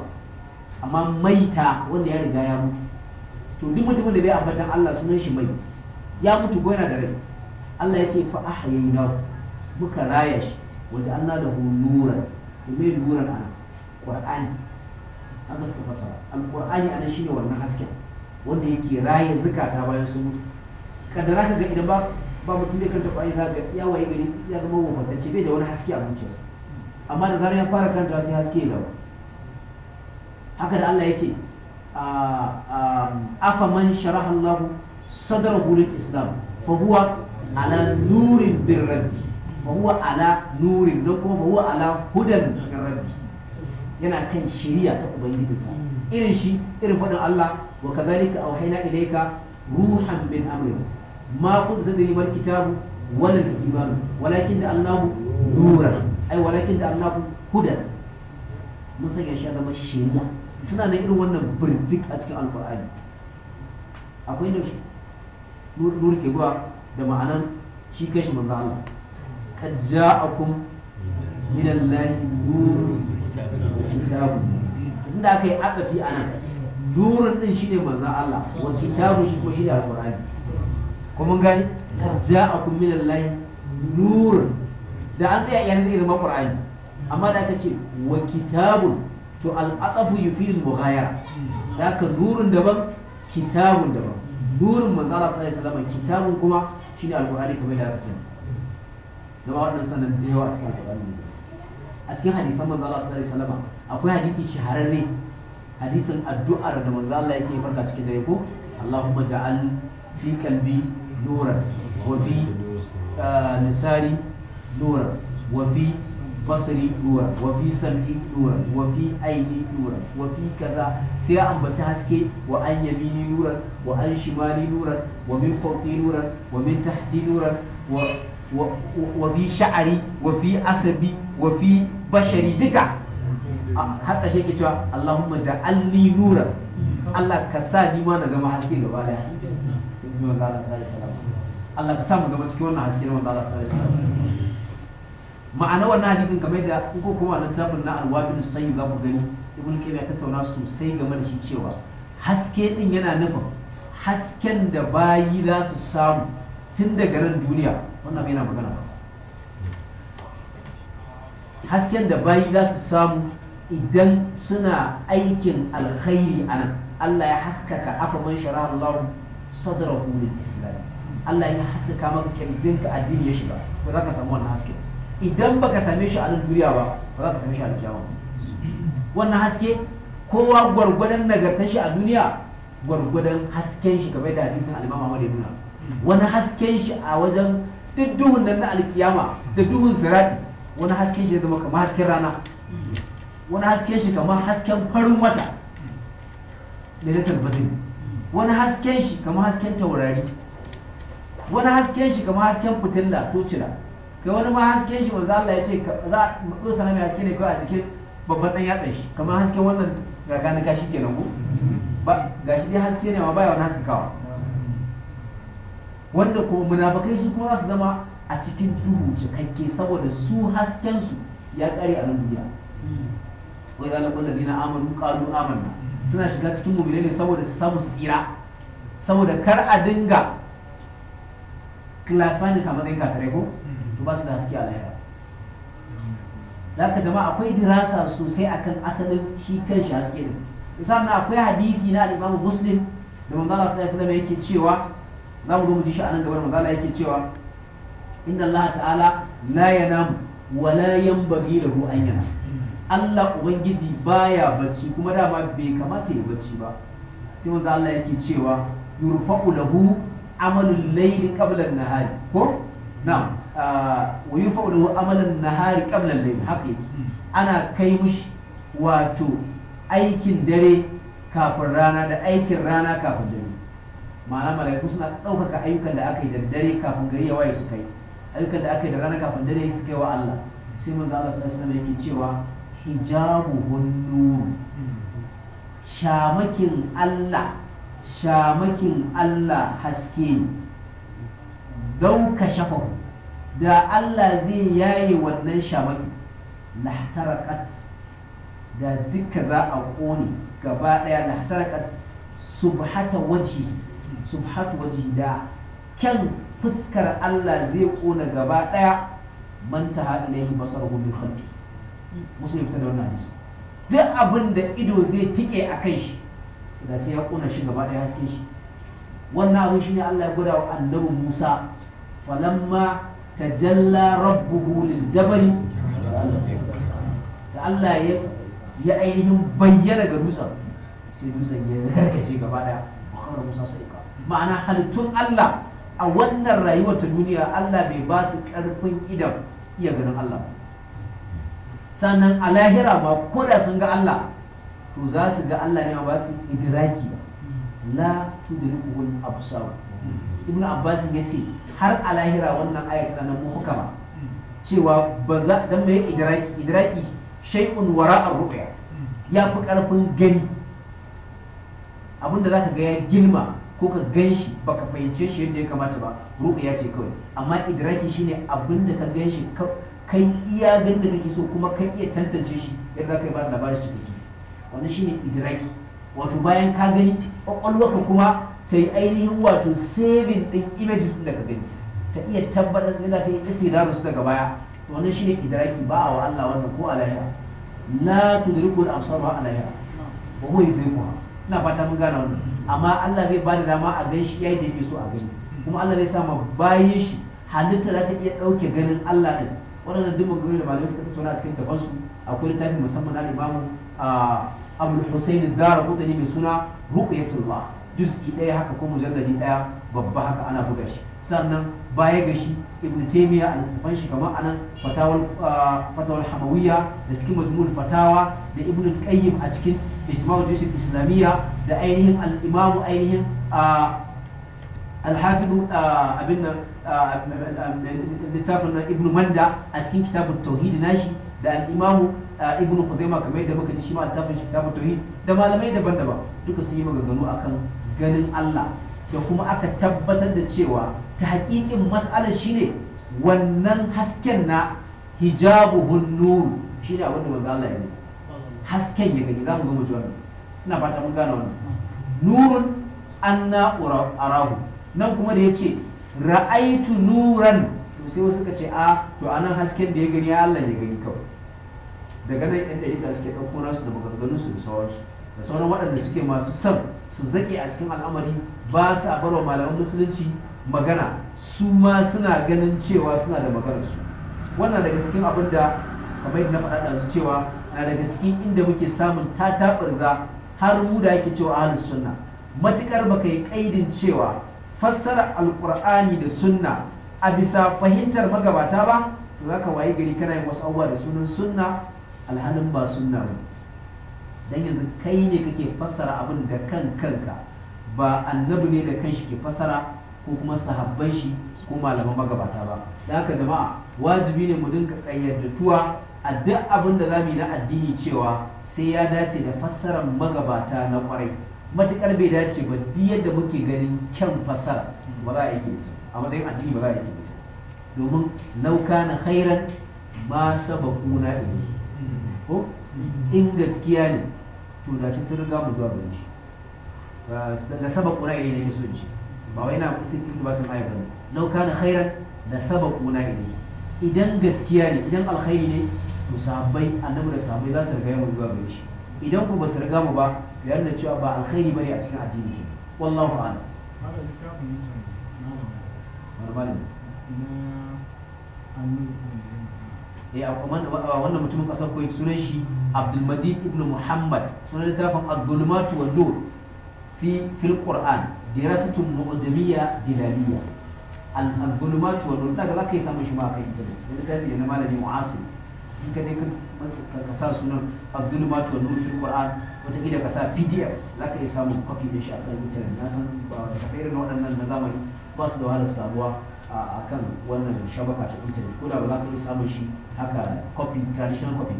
amma maita wanda ya riga ya mutu to duk mutumin da zai ambatan Allah sunan shi mayit ya mutu ko yana da rai Allah ya ce fa ahyayna muka raya shi waje Allah da nuran me nuran ana qur'ani haka suka fasara alqur'ani ana shine wannan hasken wanda yake raye zakata bayan sun mutu kada raka ga idan ba ba mutum kan kanta qur'ani zaka ya waye gari ya zama wafantacce bai da wani haske a zuciyarsa amma da zarar ya fara karanta sai haske ya gaba haka da Allah ya ce ah, ah, afaman sharaha Allahu sadarahu lil islam fa huwa ala nurin bin rabbi fa huwa ala nurin da kuma fa ala hudan bin rabbi yana kan shiriya ta ubangijinsa irin shi irin faɗin Allah wa kadhalika auhayna ilayka ruhan bin amrina ma kunta tadri mal kitabu wala al-iman walakin Allah nura ai walakin Allah hudan mun sanya shi zama shiriya suna nan irin wannan birjik a cikin alqur'ani akwai da nurke guwa da ma'anan shi kai shi manzo Allah kad ja'akum min Allah nurun kitabun inda aka yi akafi anan nurun din shine manzo Allah wa kitabu shi ko shi da alqur'ani ko mun gani kad ja'akum min Allah nurun da an tsaya yanzu zai zama qur'ani amma da aka ce wa kitabun to al-aqafu yufidu mughayara da aka nurun daban kitabun daban burin manzala sallallahu alaihi wasallam kitabun kuma shine alqur'ani kuma da aka da gaba wannan sanan da yawa a cikin alqur'ani a cikin hadisan manzala sallallahu alaihi wasallam akwai hadisi shahararre hadisin addu'ar da manzala yake farka cikin da ko Allahumma ja'al fi kalbi nuran wa fi lisani eh, nuran wa fi basari nura, wa fi sam'i nura, wa fi aini nura, wa fi kaza sai ya ambaci haske wa an yamini nura, wa an shimali nura, wa min fawqi nura, wa min tahti nura, wa fi sha'ari wa fi asabi wa fi bashari duka har ƙashe ke cewa Allahumma ja'alni nura. Allah ka sa ni ma na zama haske gaba daya Allah ka sa mu zama cikin wannan haske na manzo Allah sallallahu alaihi wasallam ma'ana wannan hadisin kamar da ko kuma a littafin na alwabin sayyid za ku gani ibn qayyim ya tattauna sosai game da shi cewa haske din yana nufin hasken da bayi za su samu tun daga ran duniya wannan bai yana magana ba hasken da bayi za su samu idan suna aikin alkhairi a nan Allah ya haskaka afa man shara Allah sadrahu lil islam Allah ya haskaka maka kirjinka addini ya shiga ko za ka samu wannan hasken idan baka same shi a nan duniya ba ba za ka same shi a kiyama wannan haske kowa gwargwadon nagartar shi a duniya gwargwadon hasken shi kamar da hadisin alimama imam Ahmad wani hasken shi a wajen duk duhun nan na alkiyama da duhun sirati wani hasken shi zama kamar hasken rana wani hasken shi kamar hasken farin wata da ya tabbatu wani hasken shi kamar hasken taurari wani hasken shi kamar hasken fitilla tocila ga wani ma hasken shi manzo Allah ya ce za mu sana mai haske ne kawai a jikin babban ɗan yatsa shi kamar hasken wannan raga na gashi kenan ko ba gashi dai haske ne amma baya wani haske kawa wanda kuma munafakai su kuma su zama a cikin duhu cikakke saboda su hasken su ya kare a nan duniya wai kullu ladina amanu qalu amanna suna shiga cikin mu'mine ne saboda su samu su tsira saboda kar a dinga classifying a matsayin katarai ko to ba su da haske a lahira zaka jama'a akwai dirasa sosai akan asalin shi kan shi haske din sannan akwai hadisi na al-Imam Muslim da manzo Allah sallallahu alaihi yake cewa za mu zo mu ji shi a nan gaban manzo Allah yake cewa inna Allah ta'ala la yanam wa la yanbaghi lahu an yana Allah ubangiji baya bacci kuma dama bai kamata ya bacci ba sai manzo Allah yake cewa yurfa'u lahu amalul layli qabla an-nahari ko na'am wa yi amalan nahari qablan layl haka yake ana kai mushi wato aikin dare kafin rana da aikin rana kafin dare ma'ana mala'iku suna ɗaukaka ayyukan da aka yi da dare kafin gari ya waye su kai ayyukan da aka yi da rana kafin dare su kai wa Allah sai manzo Allah sai alaihi yake cewa hijabu hunnu shamakin Allah shamakin Allah haske ne dauka shafahu da Allah zai yaye wannan shamaki lahtarakat da duka za a ƙone gaba ɗaya lahtarakat subhata waji Subhata waji da kyan fuskar Allah zai ƙona gaba ɗaya manta haɗu na yi basar min khalqi musu yi da wannan hadisi duk abin da ido zai tike a kan shi da sai ya ƙona shi gaba ɗaya hasken shi wannan abin ne Allah ya gwada wa annabi Musa falamma tajalla rabbuhu lil jabali da Allah ya ya ainihin bayyana ga Musa sai dutsen ya karkashe gaba daya bakar musa sai ka. ma'ana halittun Allah a wannan rayuwar ta duniya Allah bai ba su karfin idan iya ganin Allah sannan a lahira ba ko da sun ga Allah to za su ga Allah ne ba su idraki la tudrikul absar ibnu abbas ya ce har a lahira wannan ayar tana nan muhkama cewa ba za dan mai idraki idraki shay'un wara ru'ya ya fi karfin gani abinda zaka ga ya gilma ko ka gan shi baka fahimce shi yadda ya kamata ba ru'ya ce kawai amma idraki shine abinda ka gan shi kai iya gan da kake so kuma ka iya tantance shi yadda zaka yi ba labarin shi kake wannan shine idraki wato bayan ka gani kwakwalwarka kuma ta yi ainihin wato saving din images din da ka gani ta iya tabbatar da ta yi da su daga baya to wannan shine idraki ba a wa Allah wannan ko alaiha la tudriku al-absar wa alaiha wa huwa yudrikuha ina fata mun gane wannan amma Allah bai bada dama a gan shi yayin da yake so a gani kuma Allah zai ma bayan shi halitta za ta iya ɗauke ganin Allah din wannan duk gani da malamai suka tattauna a cikin tafansu akwai littafin musamman na Imam ah, Abu Hussein Dara Kutani mai suna Ruqyatullah juz'i ɗaya haka ko mujalladi ɗaya babba haka ana buga shi sannan baya ga shi ibn taymiya a littattafan shi kamar anan fatawar ah, fatawar hamawiyya da cikin mazmun fatawa da ibn qayyim a cikin ijma'u jushul islamiyya da ainihin al-imam ainihin ah, al-hafiz ah, abin nan littafin nan ibn manda a cikin kitabut tauhid nashi da al-imam ibn khuzaimah kamar yadda muka ji shi ma littafin shi kitabut tauhid da malamai daban-daban duka sun yi maganganu akan ganin Allah da kuma aka tabbatar da cewa ta hakikin mas'alar shine wannan hasken na hijabuhun nuru shine ne da manzo Allah ya ne hasken ya gani za mu gama jiwa wannan ina fata mun gane wannan nurun anna arahu nan kuma da ya ce ra'aitu nuran to sai wasu suka ce a to anan hasken da ya gani ya Allah ya gani kawai daga nan yan ita suke ɗauko nasu da maganganunsu da sauransu da sauran waɗanda suke masu san su zake a cikin al'amari ba su a barwa malaman musulunci magana su ma suna ganin cewa suna da maganarsu. su wannan daga cikin abin da kamar yadda na faɗa su cewa na daga cikin inda muke samun tataɓarza har mu da yake cewa ahlus sunna matukar baka yi kaidin cewa fassara alqur'ani da sunna a bisa fahimtar magabata ba to zaka waye gari kana yin wasu abubuwa da sunan sunna alhalin ba sunna ba dan yanzu kai ne kake fassara abin da kan kanka ba annabi ne da kanshi ke fassara ko kuma sahabban shi ko malaman magabata ba da haka jama'a wajibi ne mu dinka tuwa a duk abin da za mu yi na addini cewa sai ya dace da fassarar magabata na kwarai matukar bai dace ba duk yadda muke ganin kyan fassara ba za a yi a matsayin addini ba za a yi domin lauka na khairan ma sabakuna ilayhi ko in gaskiya ne to da shi sun riga mu zuwa gare shi la sabaquna ilayhi ne sun ci ba wai na istiqbal ba sun ayyuka lau kana khairan sabab sabaquna ilayhi idan gaskiya ne idan alkhairi ne to sahabbai annabi da sabai za su riga mu zuwa gare shi idan ku ba su riga mu ba ya yarda cewa ba alkhairi bane a cikin addini wallahu a'lam malamin هي أكمل وأنا متى من أصل كويك سنة شيء عبد المجيد ابن محمد سنة ترى فم الظلمات والدور في في القرآن دراسة مؤجمية دلالية الظلمات والنور تاجا لا كيس أمشي معك إنترنت لأن ده في نمالة دي معاصي من كذا كن كسر سنة عبد المجيد والنور في القرآن وتجد كسر في دي إف لا كيس أمشي كوبي بشار كان إنترنت ناسن بعد كفير نوع من النظام بس ده هذا الصعب a kan wannan shabaka ta intanet ko da ba za ka iya samun shi haka copy traditional copy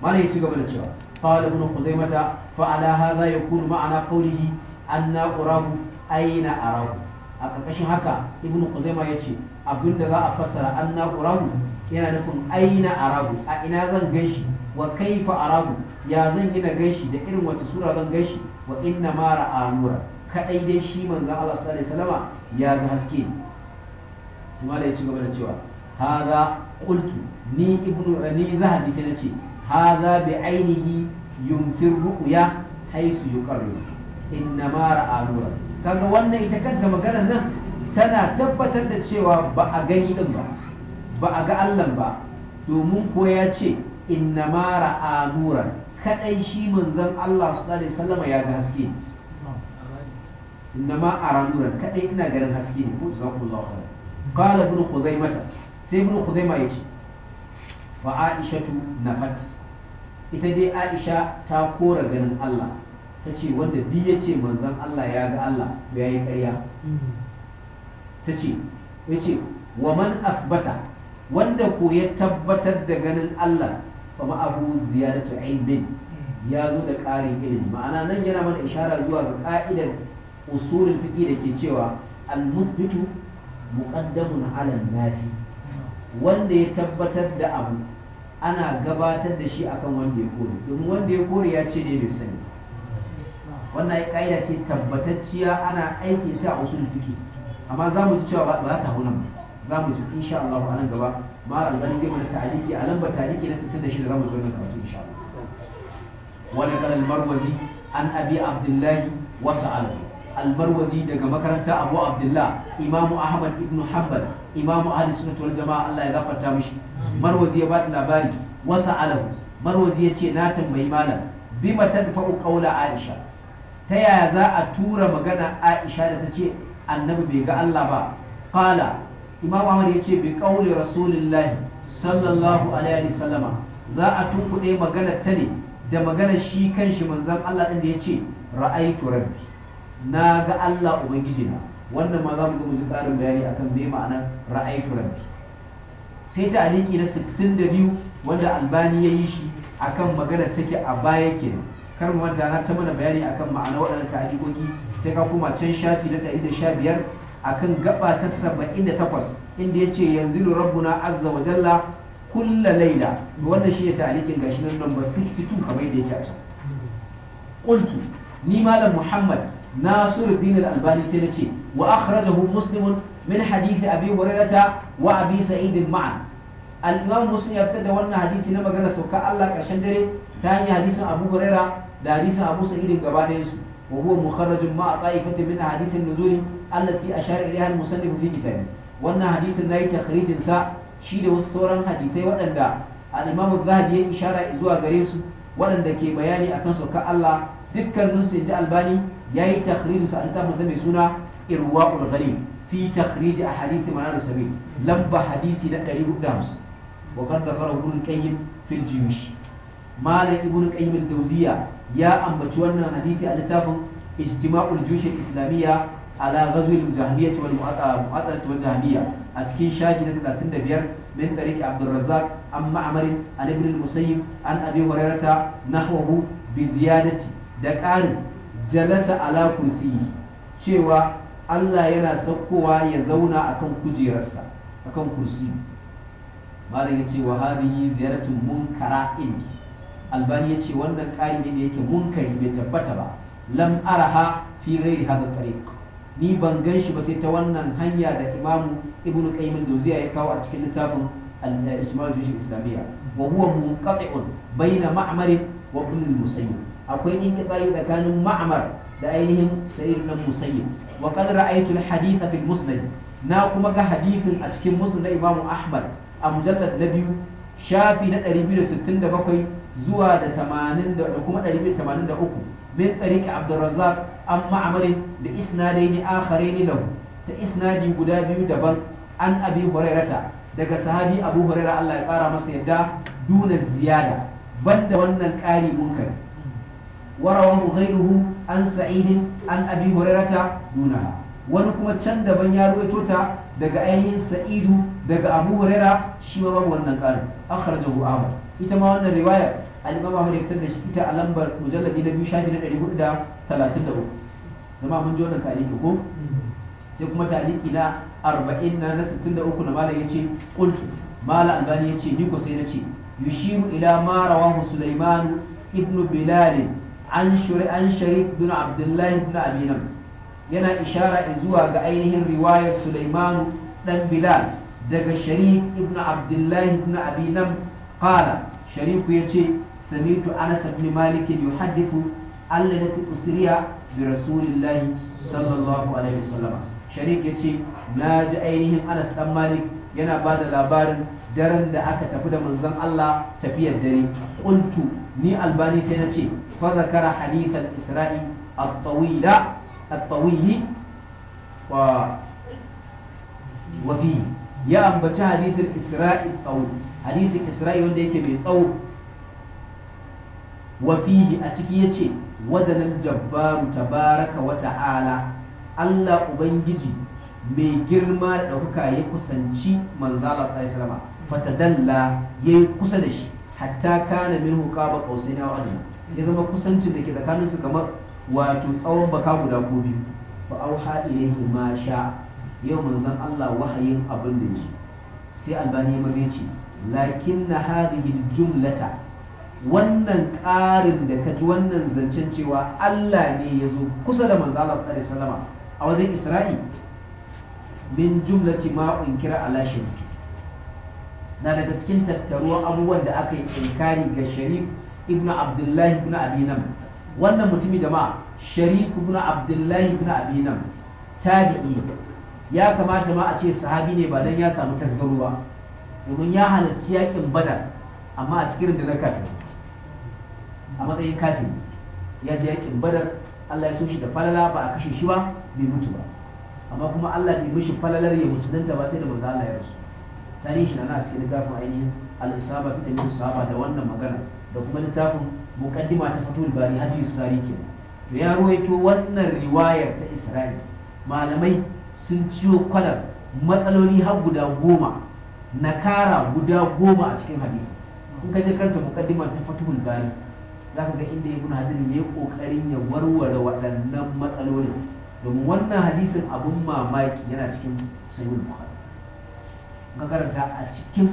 malam ya ci gaba da cewa qala ibn khuzaimah fa ala hadha yakunu ma'ana qawlihi anna qurabu aina arahu a ƙarƙashin haka ibn khuzaimah ya abinda za a fassara anna qurabu yana nufin aina arahu a ina zan ganshi wa kaifa arahu ya zan gina ganshi da irin wata sura zan ganshi wa inna ma ra'a nura kadai dai shi manzon Allah sallallahu alaihi wasallama ya ga haske mala ya ci gaba da cewa haza qultu ni ibnu ni zahabi sai nace haza bi ainihi yumfir ru'ya haisu yuqarru inna ma ra'a nura kaga wannan ita kanta maganar nan tana tabbatar da cewa ba a gani din ba ba a ga Allah ba domin ko ya ce inna ma ra'a nuran kadai shi manzon Allah sallallahu alaihi wasallam ya ga haske inna ma kadai ina ganin haske ne ko qala ibn khuzaimah sai ibn khuzaimah yace wa aishatu nafat ita dai aisha ta kora ganin Allah ta ce wanda duk ce manzan Allah ya ga Allah ya karya ƙarya ta ce ya ce wa man asbata wanda ko ya tabbatar da ganin Allah fa ma'ahu ziyaratu ilmin ya zo da ƙarin ilimi ma'ana nan yana mana ishara zuwa ga ka'idar usulul fiqh da ke cewa al-muthbitu muqaddamun ala nafi wanda ya tabbatar da abu ana gabatar da shi akan wanda ya kore domin wanda ya kore ya ce ne bai sani wannan ƙa'ida ce tabbatacciya ana aiki ta a usul fiki amma za mu ji cewa ba za ta hau nan za mu ji insha Allah a nan gaba ma albani zai mana ta'aliki a lambar ta'aliki na 66 za mu zo nan karatu insha Allah wani kalal marwazi an abi abdullahi wasu alahu almarwazi daga makaranta abu abdullah imamu ahmad ibn hanbal imamu ahli sunnah wal jama'a Allah ya gafarta mishi marwazi ya bada labari wasa alahu marwazi ya ce na tambayi malam bima tadfa'u qawla aisha ta yaya za a tura magana aisha da ta ce annabi bai ga Allah ba qala imamu ahmad ya ce bi qawli rasulillahi sallallahu alaihi wasallama za a tukuɗe magana ta ne da magana shi kanshi manzon Allah din da ya ce ra'aitu rabbi na ga Allah ubangiji na wannan ma za mu ga musu karin bayani akan me ma'anar ra'aytu rabbi sai ta aliki na 62 wanda albani ya yi shi akan magana take a baya ke kar mu manta ta mana bayani akan ma'anar waɗannan ta'alikoki sai ka kuma can shafi na 115 akan gaba ta 78 inda ya ce yanzu rabbuna azza wa jalla kulla laila wannan shi ne ta'alikin gashi na number 62 kamar yadda yake a can qultu ni malam muhammad nasiruddin al-albani sai na ce wa akhrajahu muslimun min hadith abi hurairata wa abi sa'id ma'an al-imam muslim ya fitar da wannan hadisi na magana sauka Allah karshen dare ta hanyar hadisin abu huraira da hadisin abu sa'id gaba ɗayan su wa huwa mukharrajun ma'a ta'ifatin min hadith an-nuzul allati ashara ilayha al-musannif fi kitabi wannan hadisin nayi takhrijin sa shi da wasu sauran hadithai waɗanda al-imam az-zahabi ya ishara zuwa gare su waɗanda ke bayani akan sauka Allah dukkaninsu inji albani yayi takhrijin sa alka masa mai suna irwaul ghalib fi a hadithi mana da sabil lamba hadisi na 450 wa qad dhakara ibn qayyim fil jiyush malam ibn qayyim al-jawziya ya ambaci wannan hadithi a littafin ijtima'ul jiyush al-islamiyya ala ghazwi al-jahmiyyah wal mu'atalah wal jahmiyyah a cikin shafi na 35 من طريق عبد الرزاق عن معمر عن ابن المسيب عن ابي هريره نحوه بزياده دكار jalasa ala kursi cewa Allah yana saukowa ya zauna kan kujerarsa akan kursi malam ce wa hadhihi ziyaratun munkara indi albani yace wannan ƙari ne da yake munkari bai tabbata ba lam araha fi ghairi hadha tariq ni ban gan shi ba sai ta wannan hanya da imamu ibnu qayyim al-jawziya ya kawo a cikin littafin al-ijma' al-islamiyya wa huwa munqati'un bayna ma'marin wa kullu musayyib akwai bayi tsakanin ma'amar da ainihin sa'id nan musayyib wa qad ra'aytu al-hadith fi musnad na kuma ga hadithin a cikin musnad na imamu ahmad a mujallad na biyu shafi na 267 zuwa da 80 da kuma 283 min tariqi abdurrazzaq an ma'mar da isnadaini akharaini lahu ta isnadi guda biyu daban an abi hurairata daga sahabi abu hurairah Allah ya fara masa yadda duna ziyada banda wannan ƙari munkari ورواه غيره an سعيد an ابي هريره دونها ولكم كان دبن يا رويتوتا دغا اين سعيد daga ابو هريره شي ما بابا wannan قال اخرجه احمد ita ma wannan riwaya al-imam ahmad da shi ita a lambar mujalladi na biyu shafi na 434 zama mun ji wannan ta'aliki ko sai kuma ta'aliki na 40 na 63 na malam yace qultu malam angani yace ni ko sai nace yushiru ila ma rawahu sulaiman ibn an shuri an sharif bin abdullahi bin abinam yana ishara zuwa ga ainihin riwayar sulaimanu dan bilal daga sharif ibn abdullahi ibn abinam qala sharifu yace samitu anas ibn malik yuhaddithu allati usriya bi rasulillahi sallallahu alaihi wasallam sharif yace na ji ainihin anas dan malik yana ba da labarin daren da aka tafi da manzon Allah tafiyar dare kuntu ni albani sai na ce فذكر حديث الإسراء الطويل الطويل و وفيه يا أنبتش حديث الإسراء الطويل حديث الإسراء يقول بيصو وفيه أتكي يتشي ودن الجبار تبارك وتعالى الله أبنجي mai girma da ɗaukaka ya kusanci manzala sallallahu alaihi wasallam fatadalla yayi kusa da shi hatta kana minhu qaba qausaina wa adna ya zama kusancin da ke tsakanin su kamar wato tsawon baka guda ko biyu fa auha ilaihi ma sha yau manzon Allah wahayin abin da yaso sai albani ma zai ce lakin na hadhihi jumlata wannan ƙarin da ka ji wannan zancen cewa Allah ne ya zo kusa da manzo Allah salama a wajen Isra'i min jumlati ma unkira ala shirki na daga cikin tattaruwar abubuwan da aka yi inkari ga sharif ibn abdullahi ibn abinam wannan mutumin jama'a shariku ibn abdullahi ibn abinam tabi'i ya kamata ma a ce sahabi ne ba dan ya samu tasgaro ba domin ya halarci yakin badar amma a cikin rundunar kafin a matsayin kafin ya je yakin badar Allah ya so shi da falala ba a kashe shi ba bai mutu ba amma kuma Allah bai mishi falalar ya musulunta ba sai da manzo Allah ya rasu tarihi shi na a cikin littafin ainihin al-isaba fi da da wannan magana da kuma littafin mukaddima ta fatul bari hadith sari ke to ya ruwaito wannan riwayar ta isra'il malamai sun ciwo kwalar matsaloli har guda goma na kara guda goma a cikin hadisi in ka je karanta mukaddima ta fatul bari zaka ga inda ibn hazm ya kokarin ya warware waɗannan matsaloli domin wannan hadisin abun mamaki yana cikin sahihul bukhari ka karanta a cikin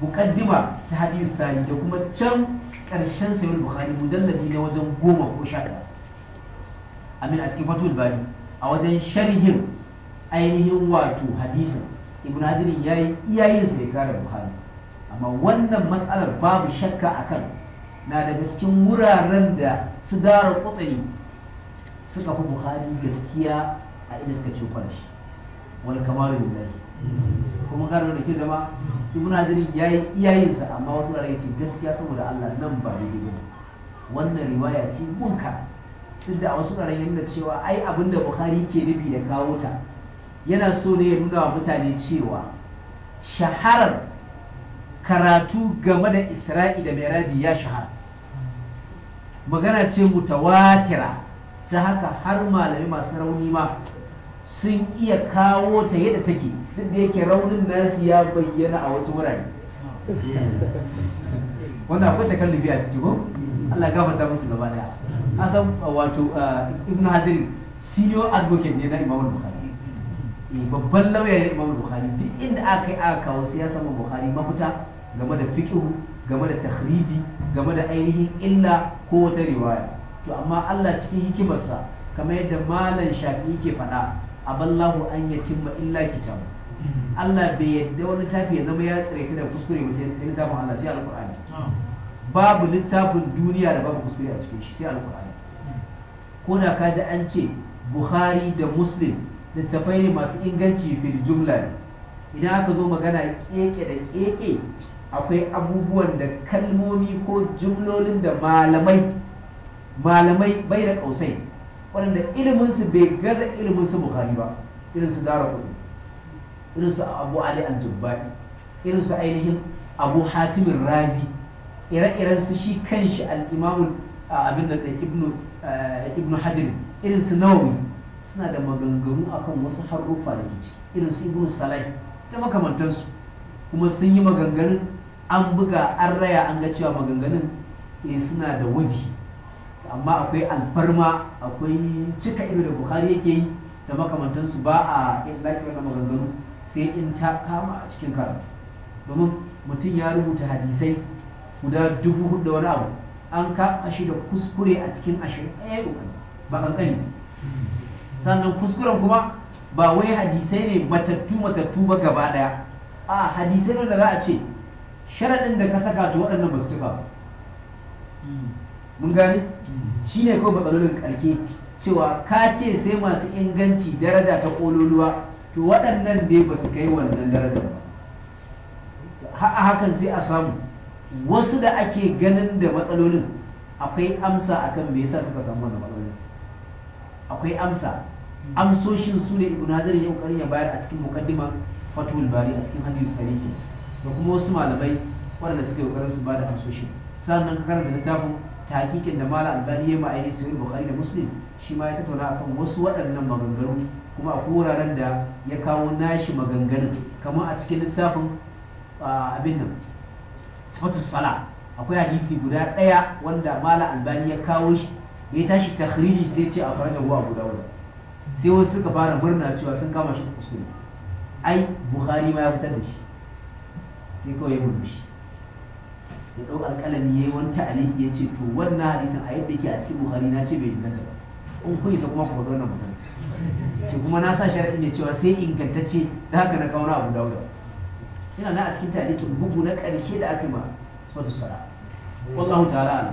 mukaddima ta hadisi sani da kuma can karshen sayar bukhari mujalladi na wajen goma ko sha amin a cikin fatul bari a wajen sharhin ainihin wato hadisin ibn hajirin ya yi iyayensa ya kare bukhari amma wannan matsalar babu shakka akan na daga cikin wuraren da su dara kutsari suka fi bukhari gaskiya a inda suka ce kwalashi wani kamaru kuma karo da ke zama ibn hajar ya yi iyayensa amma wasu da ce gaskiya saboda Allah nan ba daidai bane wannan riwaya ce munka duk da a wasu ɗaran yana cewa ai abin da Bukhari ke nufi da kawo ta yana so ne ya nuna wa mutane cewa shaharar karatu game da Isra'i da raji ya shahara magana ce mutawatira ta haka har malami masu rauni ma sun iya kawo ta yadda take duk da yake raunin nasi ya bayyana a wasu wurare wannan akwai takallubi a ciki ko Allah gafarta musu gaba daya an san wato ibn hazirin senior advocate ne na imam bukhari eh, babban lauya ne imam bukhari duk inda aka yi aka kawo sai ya samu bukhari mafita game da fiqhu game da tahriji game da ainihin illa ko wata riwaya to amma Allah cikin hikimarsa kamar yadda malam shafi ke faɗa aballahu an yatimma illa kitabu Allah bai yadda wani tafi ya zama ya tsare ta da kuskure ba sai littafin Allah sai alkur'ani babu littafin duniya da babu kuskure a cikin shi sai alkur'ani ko da ka ji an ce Buhari da Muslim littafai ne masu inganci fil jumla ne idan aka zo magana keke da keke akwai abubuwan da kalmomi ko jumlolin da malamai malamai bai da kausai waɗanda iliminsu bai gaza iliminsu Bukhari ba irin su dara kudu irinsu abu ali al-jubba'i irinsu ainihin abu hatimin razi ire-iren su shi kanshi al-imamun abin da ibnu hajar irinsu nawawi suna da maganganu akan wasu haruffa da ke ciki irinsu ibnu salai da makamantansu kuma sun yi maganganun an buga an raya an ga cewa maganganun eh, suna da waji amma akwai alfarma akwai cika ido da buhari yake yi da makamantansu ba a ilaki wannan maganganu sai in ta kama a cikin karatu domin mutum ya rubuta hadisai guda dubu hudu wani abu an ka shi da kuskure a cikin ashirin ɗaya eh, ba kankani sannan kuskuren kuma ba wai hadisai ne matattu matattu ba gaba ɗaya a hadisai ne da za a ce sharaɗin da ka saka to waɗannan ba su cika ba mun gane shi ne kawai matsalolin ƙarke cewa ka ce sai masu inganci daraja ta ƙololuwa to waɗannan dai ba su kai wannan daraja ba a hakan sai a samu wasu da ake ganin da matsalolin akwai amsa akan me yasa suka samu wannan matsalolin akwai amsa amsoshin su ne ibn hajar ya kokarin ya bayar a cikin mukaddima fatul bari a cikin hadisi sariki da kuma wasu malamai waɗanda suka yi kokarin su bada amsoshin sannan ka karanta littafin taƙiƙin da mala albani ya ma'ayi sai bukhari da muslim shi ma ya tattauna akan wasu waɗannan maganganu kuma a wuraren da ya kawo nashi maganganun kamar a cikin littafin abin nan sifatu sala akwai hadisi guda ɗaya wanda mala albani ya kawo shi ya tashi takhriji sai ce a faranta wa guda wani sai wasu suka fara murna cewa sun kama shi kuskure ai bukhari ma ya fitar da shi sai kawai ya shi ya ɗau alƙalami ya yi wani ta'aliki ya ce to wannan hadisin a yadda ke a cikin bukhari na ce bai inganta ba in kun isa kuma ku faɗi wannan magana ce kuma na sa sharaɗi ne cewa sai ingantacce da haka na kauna abu dauda yana na a cikin tarihin bugu na ƙarshe da aka yi ma sifatu sara wallahu ta'ala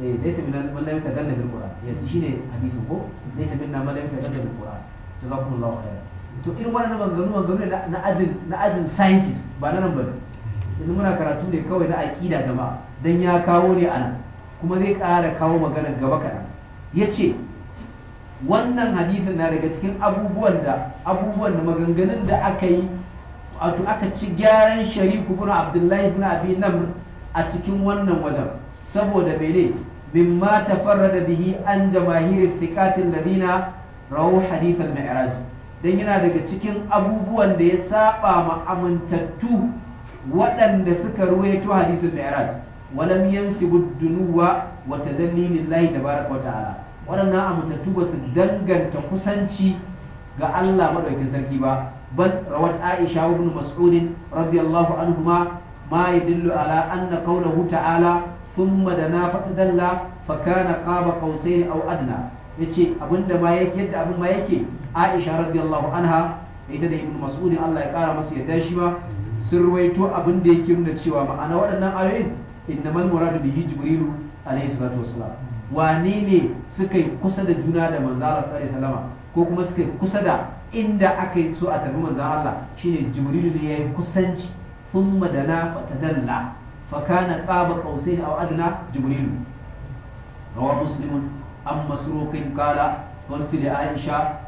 eh laysa minna man lam yataganna bil qur'an yes shine hadisin ko laysa minna man birkura. yataganna bil qur'an jazakumullahu khairan to irin wannan maganganu maganganu na ajin na ajin sciences ba na nan ba yanzu muna karatu ne kawai na aqida jama'a dan ya kawo ne anan kuma zai ƙara kawo magana gaba kaɗan ya ce wannan hadisin na daga cikin abubuwan da abubuwan da maganganun da aka yi wato aka ci gyaran shariku bin abdullahi bin abi namr a cikin wannan wajen saboda mene ma tafarrada bihi an jamahirin thikatin ladina rawu hadith al-mi'raj dan yana daga cikin abubuwan da ya saba ma amintattu waɗanda suka ruwaito hadisin mi'raj walam yansibu dunuwa wa tadalli lillahi tabaraka wa ta'ala waɗannan amintattu ba su danganta kusanci ga Allah maɗaukin sarki ba bal rawat Aisha ibn Mas'ud radiyallahu anhuma ma yadullu ala anna qawluhu ta'ala thumma dana fatadalla fa kana qaba qausayn aw adna yace abinda ma yake yadda abin ma yake Aisha radiyallahu anha ita da ibn Mas'ud Allah ya kara masu yadda shi ba sun ruwaito abin da yake nuna cewa ma'ana waɗannan ayoyin innamal muradu bihi jibrilu alayhi salatu wassalam wane ne suka yi kusa da juna da manzo Allah sallallahu alaihi ko kuma suka yi kusa da inda aka yi so a tafi manzo Allah shine Jibrilu ne ya yi kusanci thumma dana fatadalla fa kana qaba qausaini aw adna Jibrilu rawa muslimun an masruqin qala qultu li Aisha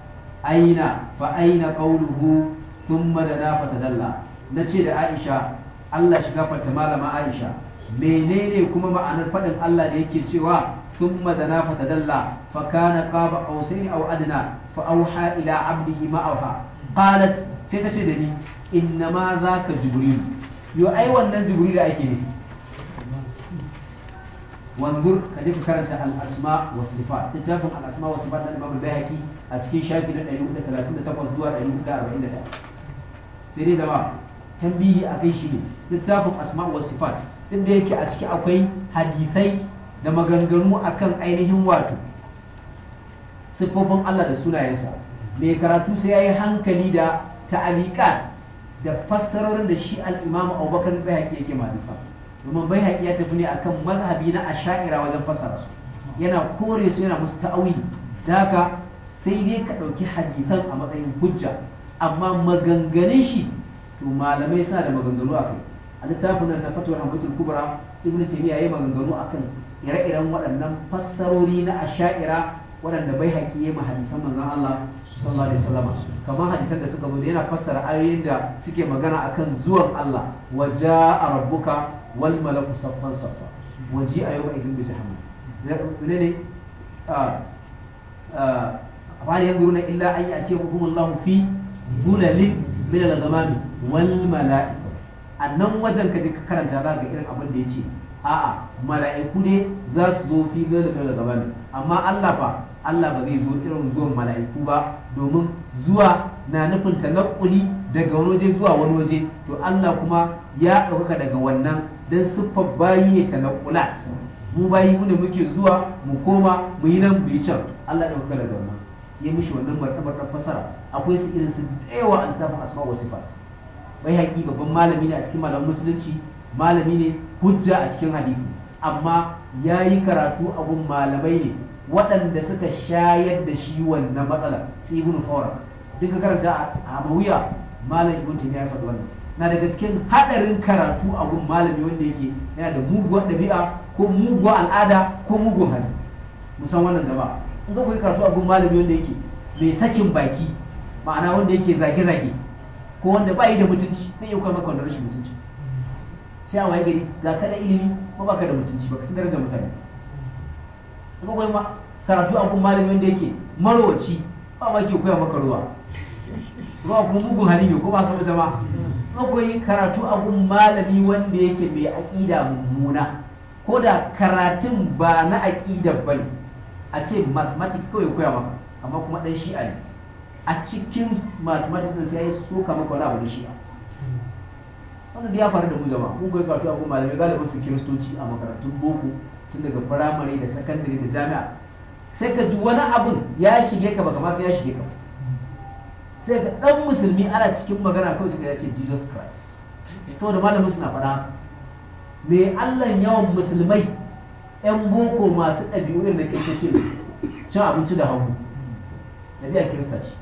aina fa aina qawluhu thumma dana fatadalla ce da Aisha Allah shiga fata malama Aisha menene kuma ma'anar faɗin Allah da yake cewa ثم دنا فتدلى فكان قاب قوسين أو أدنى فأوحى إلى عبده ما أوحى قالت سيتشدني إنما ذاك جبريل يو أي ونن جبريل أيكي wanzur ka je ka karanta al-asma wa littafin al-asma wa sifat na Imam a cikin shafi na 438 zuwa 441 sai dai zama tambihi akai shi ne littafin yake a ciki akwai hadisai da maganganu akan ainihin wato siffofin Allah da sunayensa mai karatu sai ya yi hankali da ta'alikat da fassarorin da shi al'imamu abubakar bai yake manufa domin bai haƙi ya tafi ne akan mazhabi na a sha'ira wajen fassara su yana kore su yana musu ta'awi da haka sai dai ka ɗauki hadithan a matsayin hujja amma maganganun shi to malamai suna da maganganu a kai a littafin nan na fatuwar hamdul kubra ibn taymiya yayi maganganu akan ire-iren waɗannan fassarori na asha'ira waɗanda bai haƙi yi mahadisan manzan Allah sallallahu alaihi wasallam kamar hadisan da suka zo yana fassara ayoyin da suke magana akan zuwan Allah wa a rabbuka wal malaku saffan saffa a ji'a yawma idin bi jahannam ne ne a a yanzuruna illa an ya'tiyakum Allahu fi dulalin min al-ghamami wal mala'ikatu annan wajen ka je ka karanta za ga irin abin da ce. a'a mala'iku ne za su zo filin da daga gaba amma Allah fa Allah ba zai zo irin zuwan mala'iku ba domin zuwa na nufin tanakuli daga wani waje zuwa wani waje to Allah kuma ya ɗauka daga wannan dan siffar bayi ne tanakulat mu bayi mu ne muke zuwa mu koma mu yi nan mu yi can Allah ɗauka daga wannan ya mishi wannan ta fasara akwai su irin su da yawa an tafi asma wa sifat bai haƙi babban malami ne a cikin malamin musulunci malami ne hujja a cikin hadisi amma ya yi karatu a malamai ne waɗanda suka shayar da shi wannan matsalar su ibn fawrak duk ka karanta a mawuya malam ibn ne ya faɗi wannan na daga cikin haɗarin karatu a gun malami wanda yake yana da muguwar ɗabi'a ko muguwar al'ada ko mugun hali musamman wannan jama'a in ka koyi karatu a gun malami wanda yake mai sakin baki ma'ana wanda yake zage-zage ko wanda ba yi da mutunci zai iya kai maka wanda rashin mutunci sai a waye gari ga ka da ilimi ko baka da mutunci baka san darajar mutane ko koyi ma karatu a kun malami wanda yake marwaci ba ma ke koya maka ruwa ruwa kuma mugun hali ne ko baka ka zama ko koyi karatu a kun malami wanda yake mai aƙida mummuna ko da karatun ba na aƙida bane a ce mathematics kawai koya maka amma kuma dan shi'a ne a cikin mathematics sai ya yi soka maka wani abu na shi'a wannan da ya faru da mu jama'a mun kai kasuwa ko malamai galibin su kiristoci a makarantun boko tun daga firamare da sakandare da jami'a sai ka ji wani abun ya shige ka baka ma sai ya shige ka sai ka dan musulmi ana cikin magana kawai sai ka ce Jesus Christ saboda malamin suna faɗa me Allah yawan musulmai yan boko masu ɗabi'u irin da ce cin abinci da hagu ɗabi'a kirista ce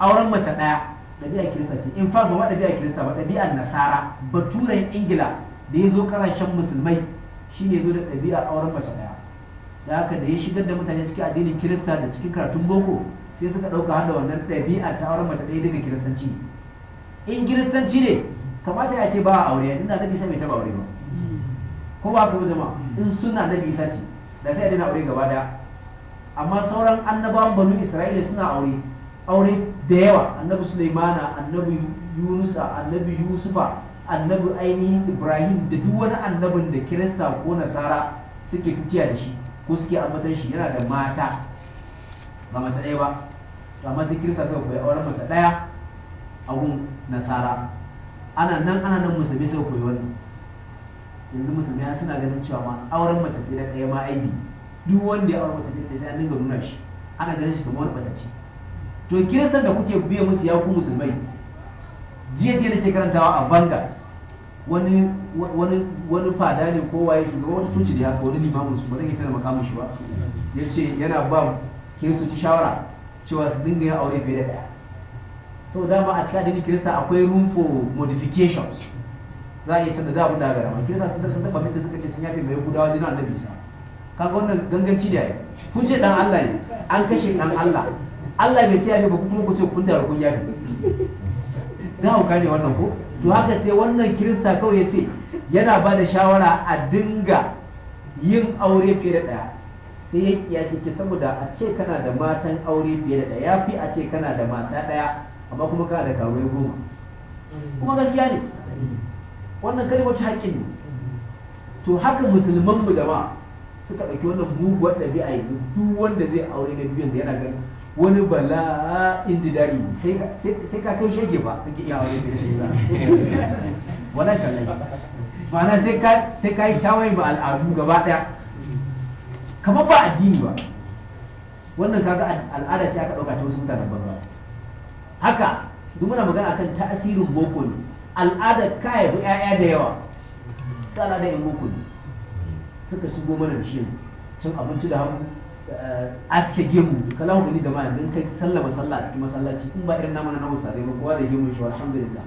auren mace ɗaya ɗabi'ar kirista ce in fa ba ma ɗabi'a kirista ba ɗabi'ar nasara baturen ingila da ya zo ƙasashen musulmai shi ne zo da ɗabi'a auren mace ɗaya da haka da ya shigar da mutane cikin addinin kirista da cikin karatun boko sai suka ɗauka da wannan ɗabi'a ta auren mace ɗaya daga kiristanci in kiristanci ne kamata ya ce ba a aure inda na bisa bai taɓa aure ba ko ba ka jama'a in suna na bisa ce da sai a daina aure gaba daya amma sauran annabawan banu isra'ila suna aure aure da yawa annabi sulaimana annabi yunusa annabi yusufa annabi ainihin ibrahim da duk wani annabin da kirista ko nasara suke fitiya da shi ko suke ambatan shi yana da mata ba mace ɗaya ba amma sai kirista suka koyi auren mace ɗaya a gun nasara ana nan ana nan musulmi suka koyi wani. yanzu musulmi suna ganin cewa ma auren mace ɗaya ma aibi duk wanda ya auren mace ɗaya sai an dinga nuna shi ana ganin shi kamar mata ce to kiristan da kuke biya musu ya ku musulmai jiya jiya nake karantawa a banga wani wani wani fada ne ko waye shugaba wata coci da haka wani limamin su ba zan yi tana shi ba ya ce yana ba kiristoci shawara cewa su dinga yin aure fiye da ɗaya so dama a cikin addinin kirista akwai room for modifications za a iya canza da abun da gara ma kirista sun sun taba minta suka ce sun yafe mai gudawa jinin annabi isa kaga wannan ganganci da yayi kun ce dan Allah ne an kashe dan Allah Allah bai ce fi ba kuma ku ce kun tare kun yafe da hauka ne wannan ko to haka sai wannan kirista kawai ya ce yana ba da shawara a dinga yin aure fiye da ɗaya sai ya kiyasi ke saboda a ce kana da matan aure fiye da ɗaya ya fi a ce kana da mata ɗaya amma kuma kana da kawai goma kuma gaskiya ne wannan kalmar haƙƙin ne to haka musulman mu jama'a suka ɗauki wannan muguwar ɗabi'a yanzu duk wanda zai aure na biyu yana ganin wani bala dadi sai ka kai shege ba kake iya wani da shi ba wala *laughs* kallai ma'ana sai ka yi kyawai ba al'adu gaba daya kamar ba addini ba wannan kaga al'ada ce aka dauka ta wasu mutanen banza haka duk muna magana akan tasirin boko ne al'ada ka haifi 'ya'ya da yawa ta al'ada yan boko ne suka shigo mana da shi cin abinci da hannu aske gemu kalamu gani jama'a idan kai sallama sallah a cikin masallaci in ba irin namu na namu sabai ba kowa da gemu shi alhamdulillah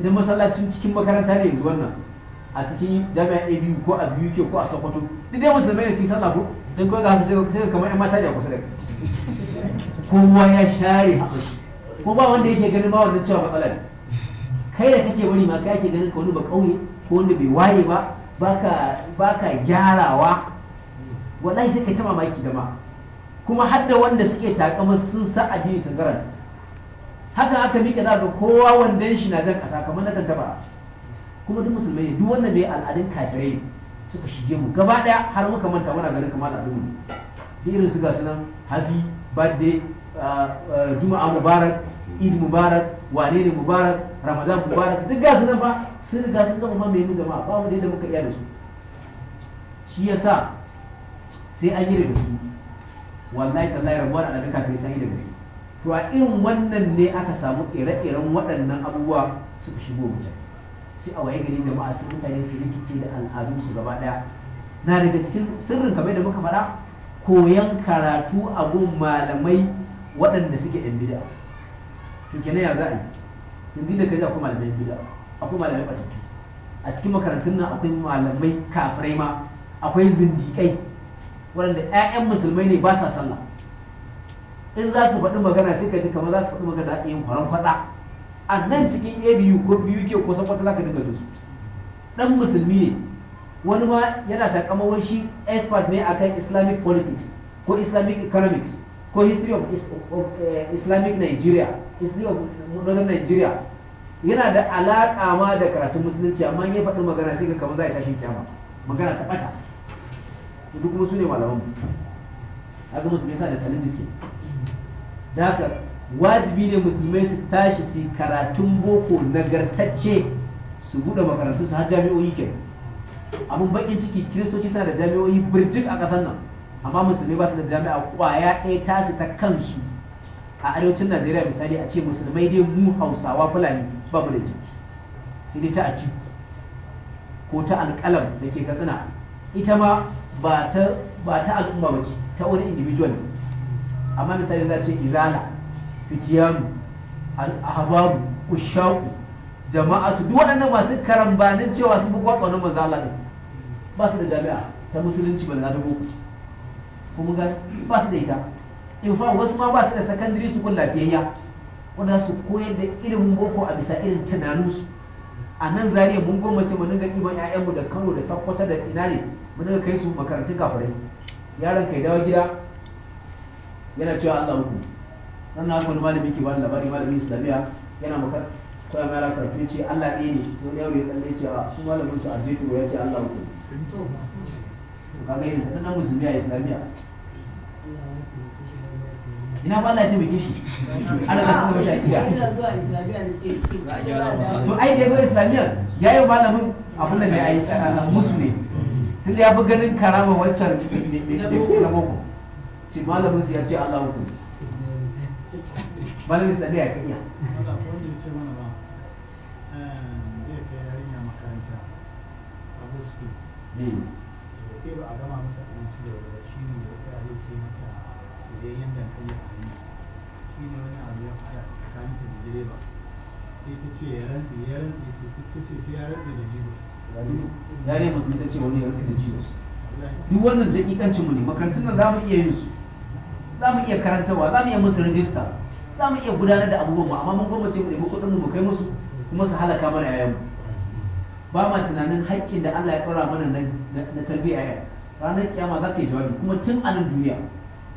idan masallacin cikin makaranta ne yanzu wannan a cikin jami'a biyu ko a biyu BUK ko a Sokoto duk dai musulmai ne su yi sallah ko dan kawai ga haka sai kamar yan mata da kusa da kowa ya share haɓashi ko ba wanda yake ganin ba wannan cewa matsala ne kai da kake bari ma kai ake ganin ka wani ba kauye ko wanda bai waye ba baka baka gyarawa wallahi sai ka tama maki jama'a kuma har da wanda suke takama sun sa addini sun karanta haka aka miƙe za ga kowa wanda shi na jan kasa kamar na tantaba kuma duk musulmai ne duk wanda bai al'adun kafirai suka shige mu gaba ɗaya har muka manta muna ganin kamar al'adun mu da irin su ga sunan hafi Badde, ah, ah, juma'a mubarak eid mubarak wane ne mubarak ramadan mubarak duk gasu nan ba sun riga sun gama mai mu jama'a ba mu da yadda muka iya da su shi yasa sai an yi da gaske wallahi tallahi rabuwar duka fi sai an yi da gaske to a irin wannan ne aka samu ire-iren waɗannan abubuwa suka shigo mutum sai a waye gari jama'a sun mutane su rikice da al'adun su gaba daya na daga cikin sirrin kamar da muka faɗa koyan karatu a gun malamai waɗanda suke yan bida to kenan ya za a yi yanzu da kaji akwai malamai bida akwai malamai batattu a cikin makarantun nan akwai malamai kafirai ma akwai zindiƙai waɗanda 'ya'yan musulmai ne ba sa sallah in za su faɗi magana sai ka ji kamar za su faɗi magana a yin kwaron kwatsa a nan cikin abu ko biyu ke ko sakwata za ka dinga su ɗan musulmi ne wani ma yana takamawar shi expert ne akan islamic politics ko islamic economics ko history of, is, of uh, islamic nigeria history of northern nigeria yana da alaƙa ma da karatun musulunci amma ya faɗi magana sai ka kamar za a tashin kyama magana ta ɓata duk kuma su ne malaman haka musulmai sa da challenge ke da haka wajibi ne musulmai su tashi su karatun boko nagartacce su buɗe makarantu su har jami'o'i ke abin bakin ciki kiristoci suna da jami'o'i birjik a ƙasar nan amma musulmai ba su da jami'a ƙwaya ɗaya tasu ta kansu a arewacin najeriya misali a ce musulmai dai mu hausawa fulani ba mu da sai dai ta aji ko ta alƙalam da ke katsina ita ma ba ta al'umma ba ce ta wani individual amma misali za ce izala fitiyanu ahbabu ushaku jama'atu duk waɗannan masu karambanin cewa sun buga wannan manzo Allah ne ba su da jami'a ta musulunci ba da ta boko kuma ga ba su da ita in fa wasu ma ba su da secondary su kun lafiyayya wanda su koyar da ilimin boko a bisa irin tunaninsu a nan zariya mun gwamnati mu dinga ɗiban 'ya'yanmu da kano da sakkwata da ina ne Mun daga kai su makarantun kafirai yaron kai dawo gida yana cewa Allah uku nan na wani malami ke bani labari malamin islamiya yana makar koya mai karatu ya ce Allah ɗaya ne sai wani yaro ya tsalle ce a su malamin su arjitu ya ce Allah uku kaga yin ta nan musulmi a islamiya ina ba Allah ya taimake shi ana ka tuna mashi akida ina zuwa islamiyya ne ce to ai da ya zo islamiyya yayin malamin abin da mai aiki musu ne tun ya fi ganin karama wancan na boko shi malamin su ya ce Allah hukun malamin su ɗabi'a ka iya eh, sai ba a gama masa da ne da mata shi ne wani abu ya fara da direba sai ta ce ya rantsi ya rantsi ce sai ya rantsi da jizo yare musulmi ta ce wani ya rufe da jesus duk wannan dakikancin mu ne makarantun nan za mu iya yin su za mu iya karantarwa za mu iya musu rajista za mu iya gudanar da abubuwan mu amma mun gwamnati mu nemi kuɗin mu kai musu kuma su halaka mana yayan mu ba ma tunanin haƙƙin da Allah ya fara mana na tarbiyya yayan ranar kiyama za ka yi jawabi kuma tun a nan duniya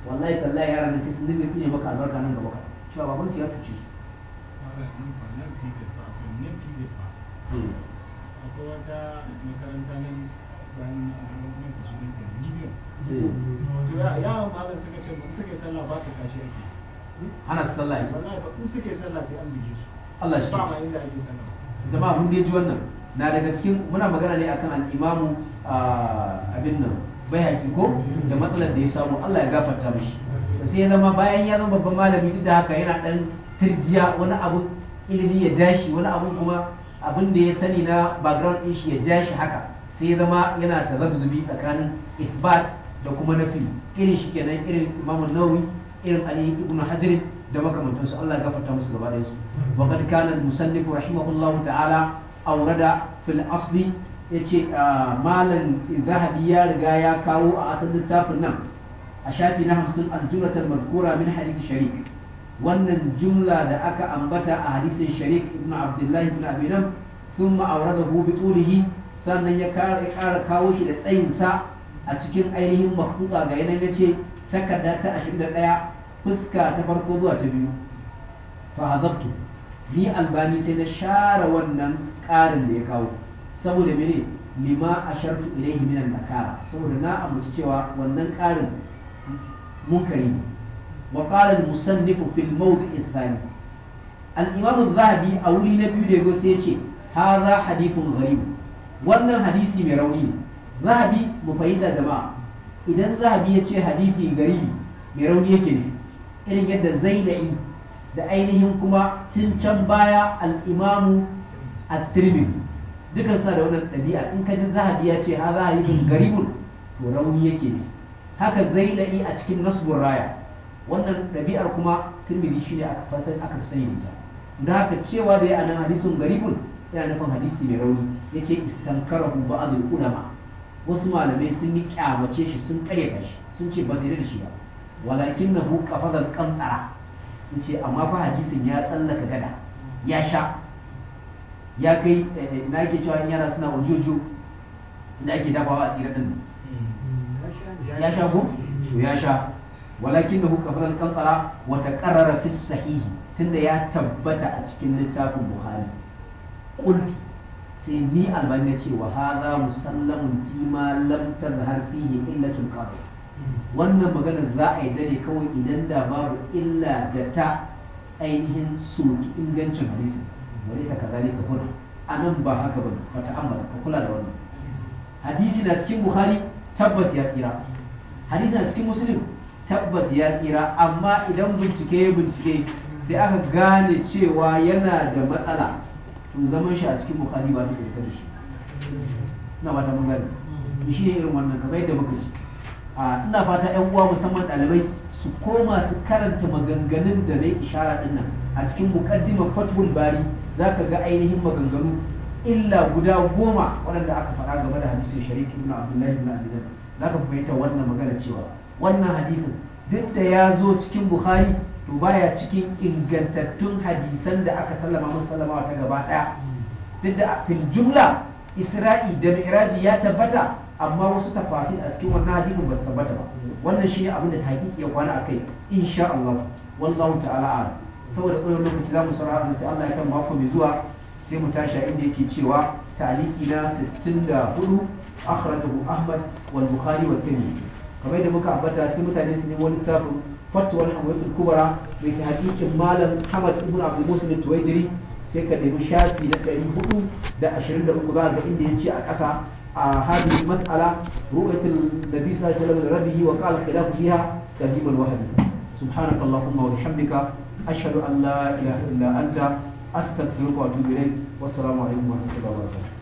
wallahi tallahi yara na sai sun dinga tsine maka albarka nan gaba cewa babansu ya cuce su akwai wata makaranta nan bayan da sunan eh. malam suka ce mun sallah ba su kashi ake sallah yi wallahi in suka sallah sai an buge su Allah shi ba ma inda ake sallah jama'a mun ji wannan na daga cikin muna magana ne akan al'imamu ah, abin nan bayaki ko da matsalar da ya samu Allah ya gafarta mishi sai ya zama bayan ya zama babban malami duk da haka yana dan tirjiya wani abu ilimi ya jashi wani abu kuma abin da ya sani na background ɗin shi ya ja shi haka sai ya zama yana tazabzubi tsakanin isbat da kuma nafi irin shi kenan irin imamu nawawi irin ali ibn hajar da makamantansu Allah ya gafarta musu gaba da su wa qad kana musannif rahimahullahu ta'ala awrada fil asli yace ah, malan zahabi ya riga ya kawo a asalin littafin nan a shafi na 50 al-jumlatul min hadith sharif wannan jumla da aka ambata a hadisin sharif ibn abdullahi ibn abinam sun ma'aura da bi tulihi sannan ya kara kawo shi da tsayinsa a cikin ainihin makhtuta ga yanan ya ce takarda ta ashirin ɗaya fuska ta farko zuwa ta biyu fahazabtu ni albani sai na share wannan karin da ya kawo saboda mene lima ashartu ilaihi minan nakara saboda na amince cewa wannan ƙarin munkari ne وقال المصنف في الموضع الثاني الإمام الذهبي أولي نبي ديغو سيتي هذا حديث غريب wannan hadisi mai rauni zahabi mu fahimta jama'a idan zahabi ya ce hadisi garibi mai rauni yake ne irin yadda zaina'i da ainihin kuma tun can baya al'imamu a tirmidhi sa da wannan ɗabi'a in ka ji zahabi ya ce ha zahabin garibun to rauni yake ne haka zaina'i a cikin nasbur guraya. wannan ɗabi'ar kuma turmidi shine aka fasar aka fi sani ta da haka cewa da ya anan hadisun garibun yana nufin hadisi mai rauni ya ce ba istankarahu ba'adul ulama wasu malamai sun yi kyamace shi sun karyata shi sun ce ba sai da shi ba walakin na hu kafadar kantara ya ce amma fa hadisin ya tsallaka gada ya sha ya kai eh, eh, na ke cewa in yara suna ojojo da ake dafawa a tsira ɗin hmm. ya sha ko ya sha walakin da hukafar alkantara wata karara fi sahihi tunda ya tabbata a cikin littafin buhari kultu sai ni albani na ce wa haza musallamun fi ma lam tazhar fihi illatul qabr wannan magana za a yi dare kawai idan da babu illa da ta ainihin soki ingancin hadisi wani sakazali ka kuna a nan ba haka ba ka kula da wannan hadisi na cikin tabbas ya tsira hadisi na cikin tabbas ya tsira amma idan bincike ya bincike sai aka gane cewa yana da matsala to zaman shi a cikin bukhari ba ta tsirka da shi ina ba ta mun gane shi ne irin wannan kamar yadda muka ji a ina fata yan uwa musamman ɗalibai su koma su karanta maganganun da na ishara ɗin nan a cikin muqaddimar fatul bari zaka ga ainihin maganganu illa guda goma waɗanda aka faɗa game da hadisin shari'a ibn abdullahi ibn abdullahi zaka fahimta wannan magana cewa wannan hadisin duk da ya zo cikin bukhari to baya cikin ingantattun hadisan da aka sallama mun sallama ta gaba daya duk da fil jumla isra'i da mi'raji ya tabbata amma wasu tafasir a cikin wannan hadisin ba su tabbata ba wannan shine abin da tahqiqi ya kwana akai insha Allah wallahu ta'ala a'lam saboda kullum lokaci zamu saurara mu sai Allah ya kan mako mai zuwa sai mu tashi inda yake cewa ta'liqi na 64 akhrajahu Ahmad wal Bukhari wa kamar yadda muka ambata sai mutane su nemi wani littafin fatwar hamayatul kubara mai ta hakikin malam hamad ibn abdul musul tuwaidiri sai ka nemi shafi na ɗari hudu da ashirin da uku za ga inda ya ce a ƙasa a hadin mas'ala ru'atul nabi sallallahu alaihi wasallam rabihi wa qala khilaf fiha kadiman wa hadith subhanakallahumma wa bihamdika ashhadu an la ilaha illa anta astaghfiruka wa atubu ilayk wassalamu alaikum wa rahmatullahi wa barakatuh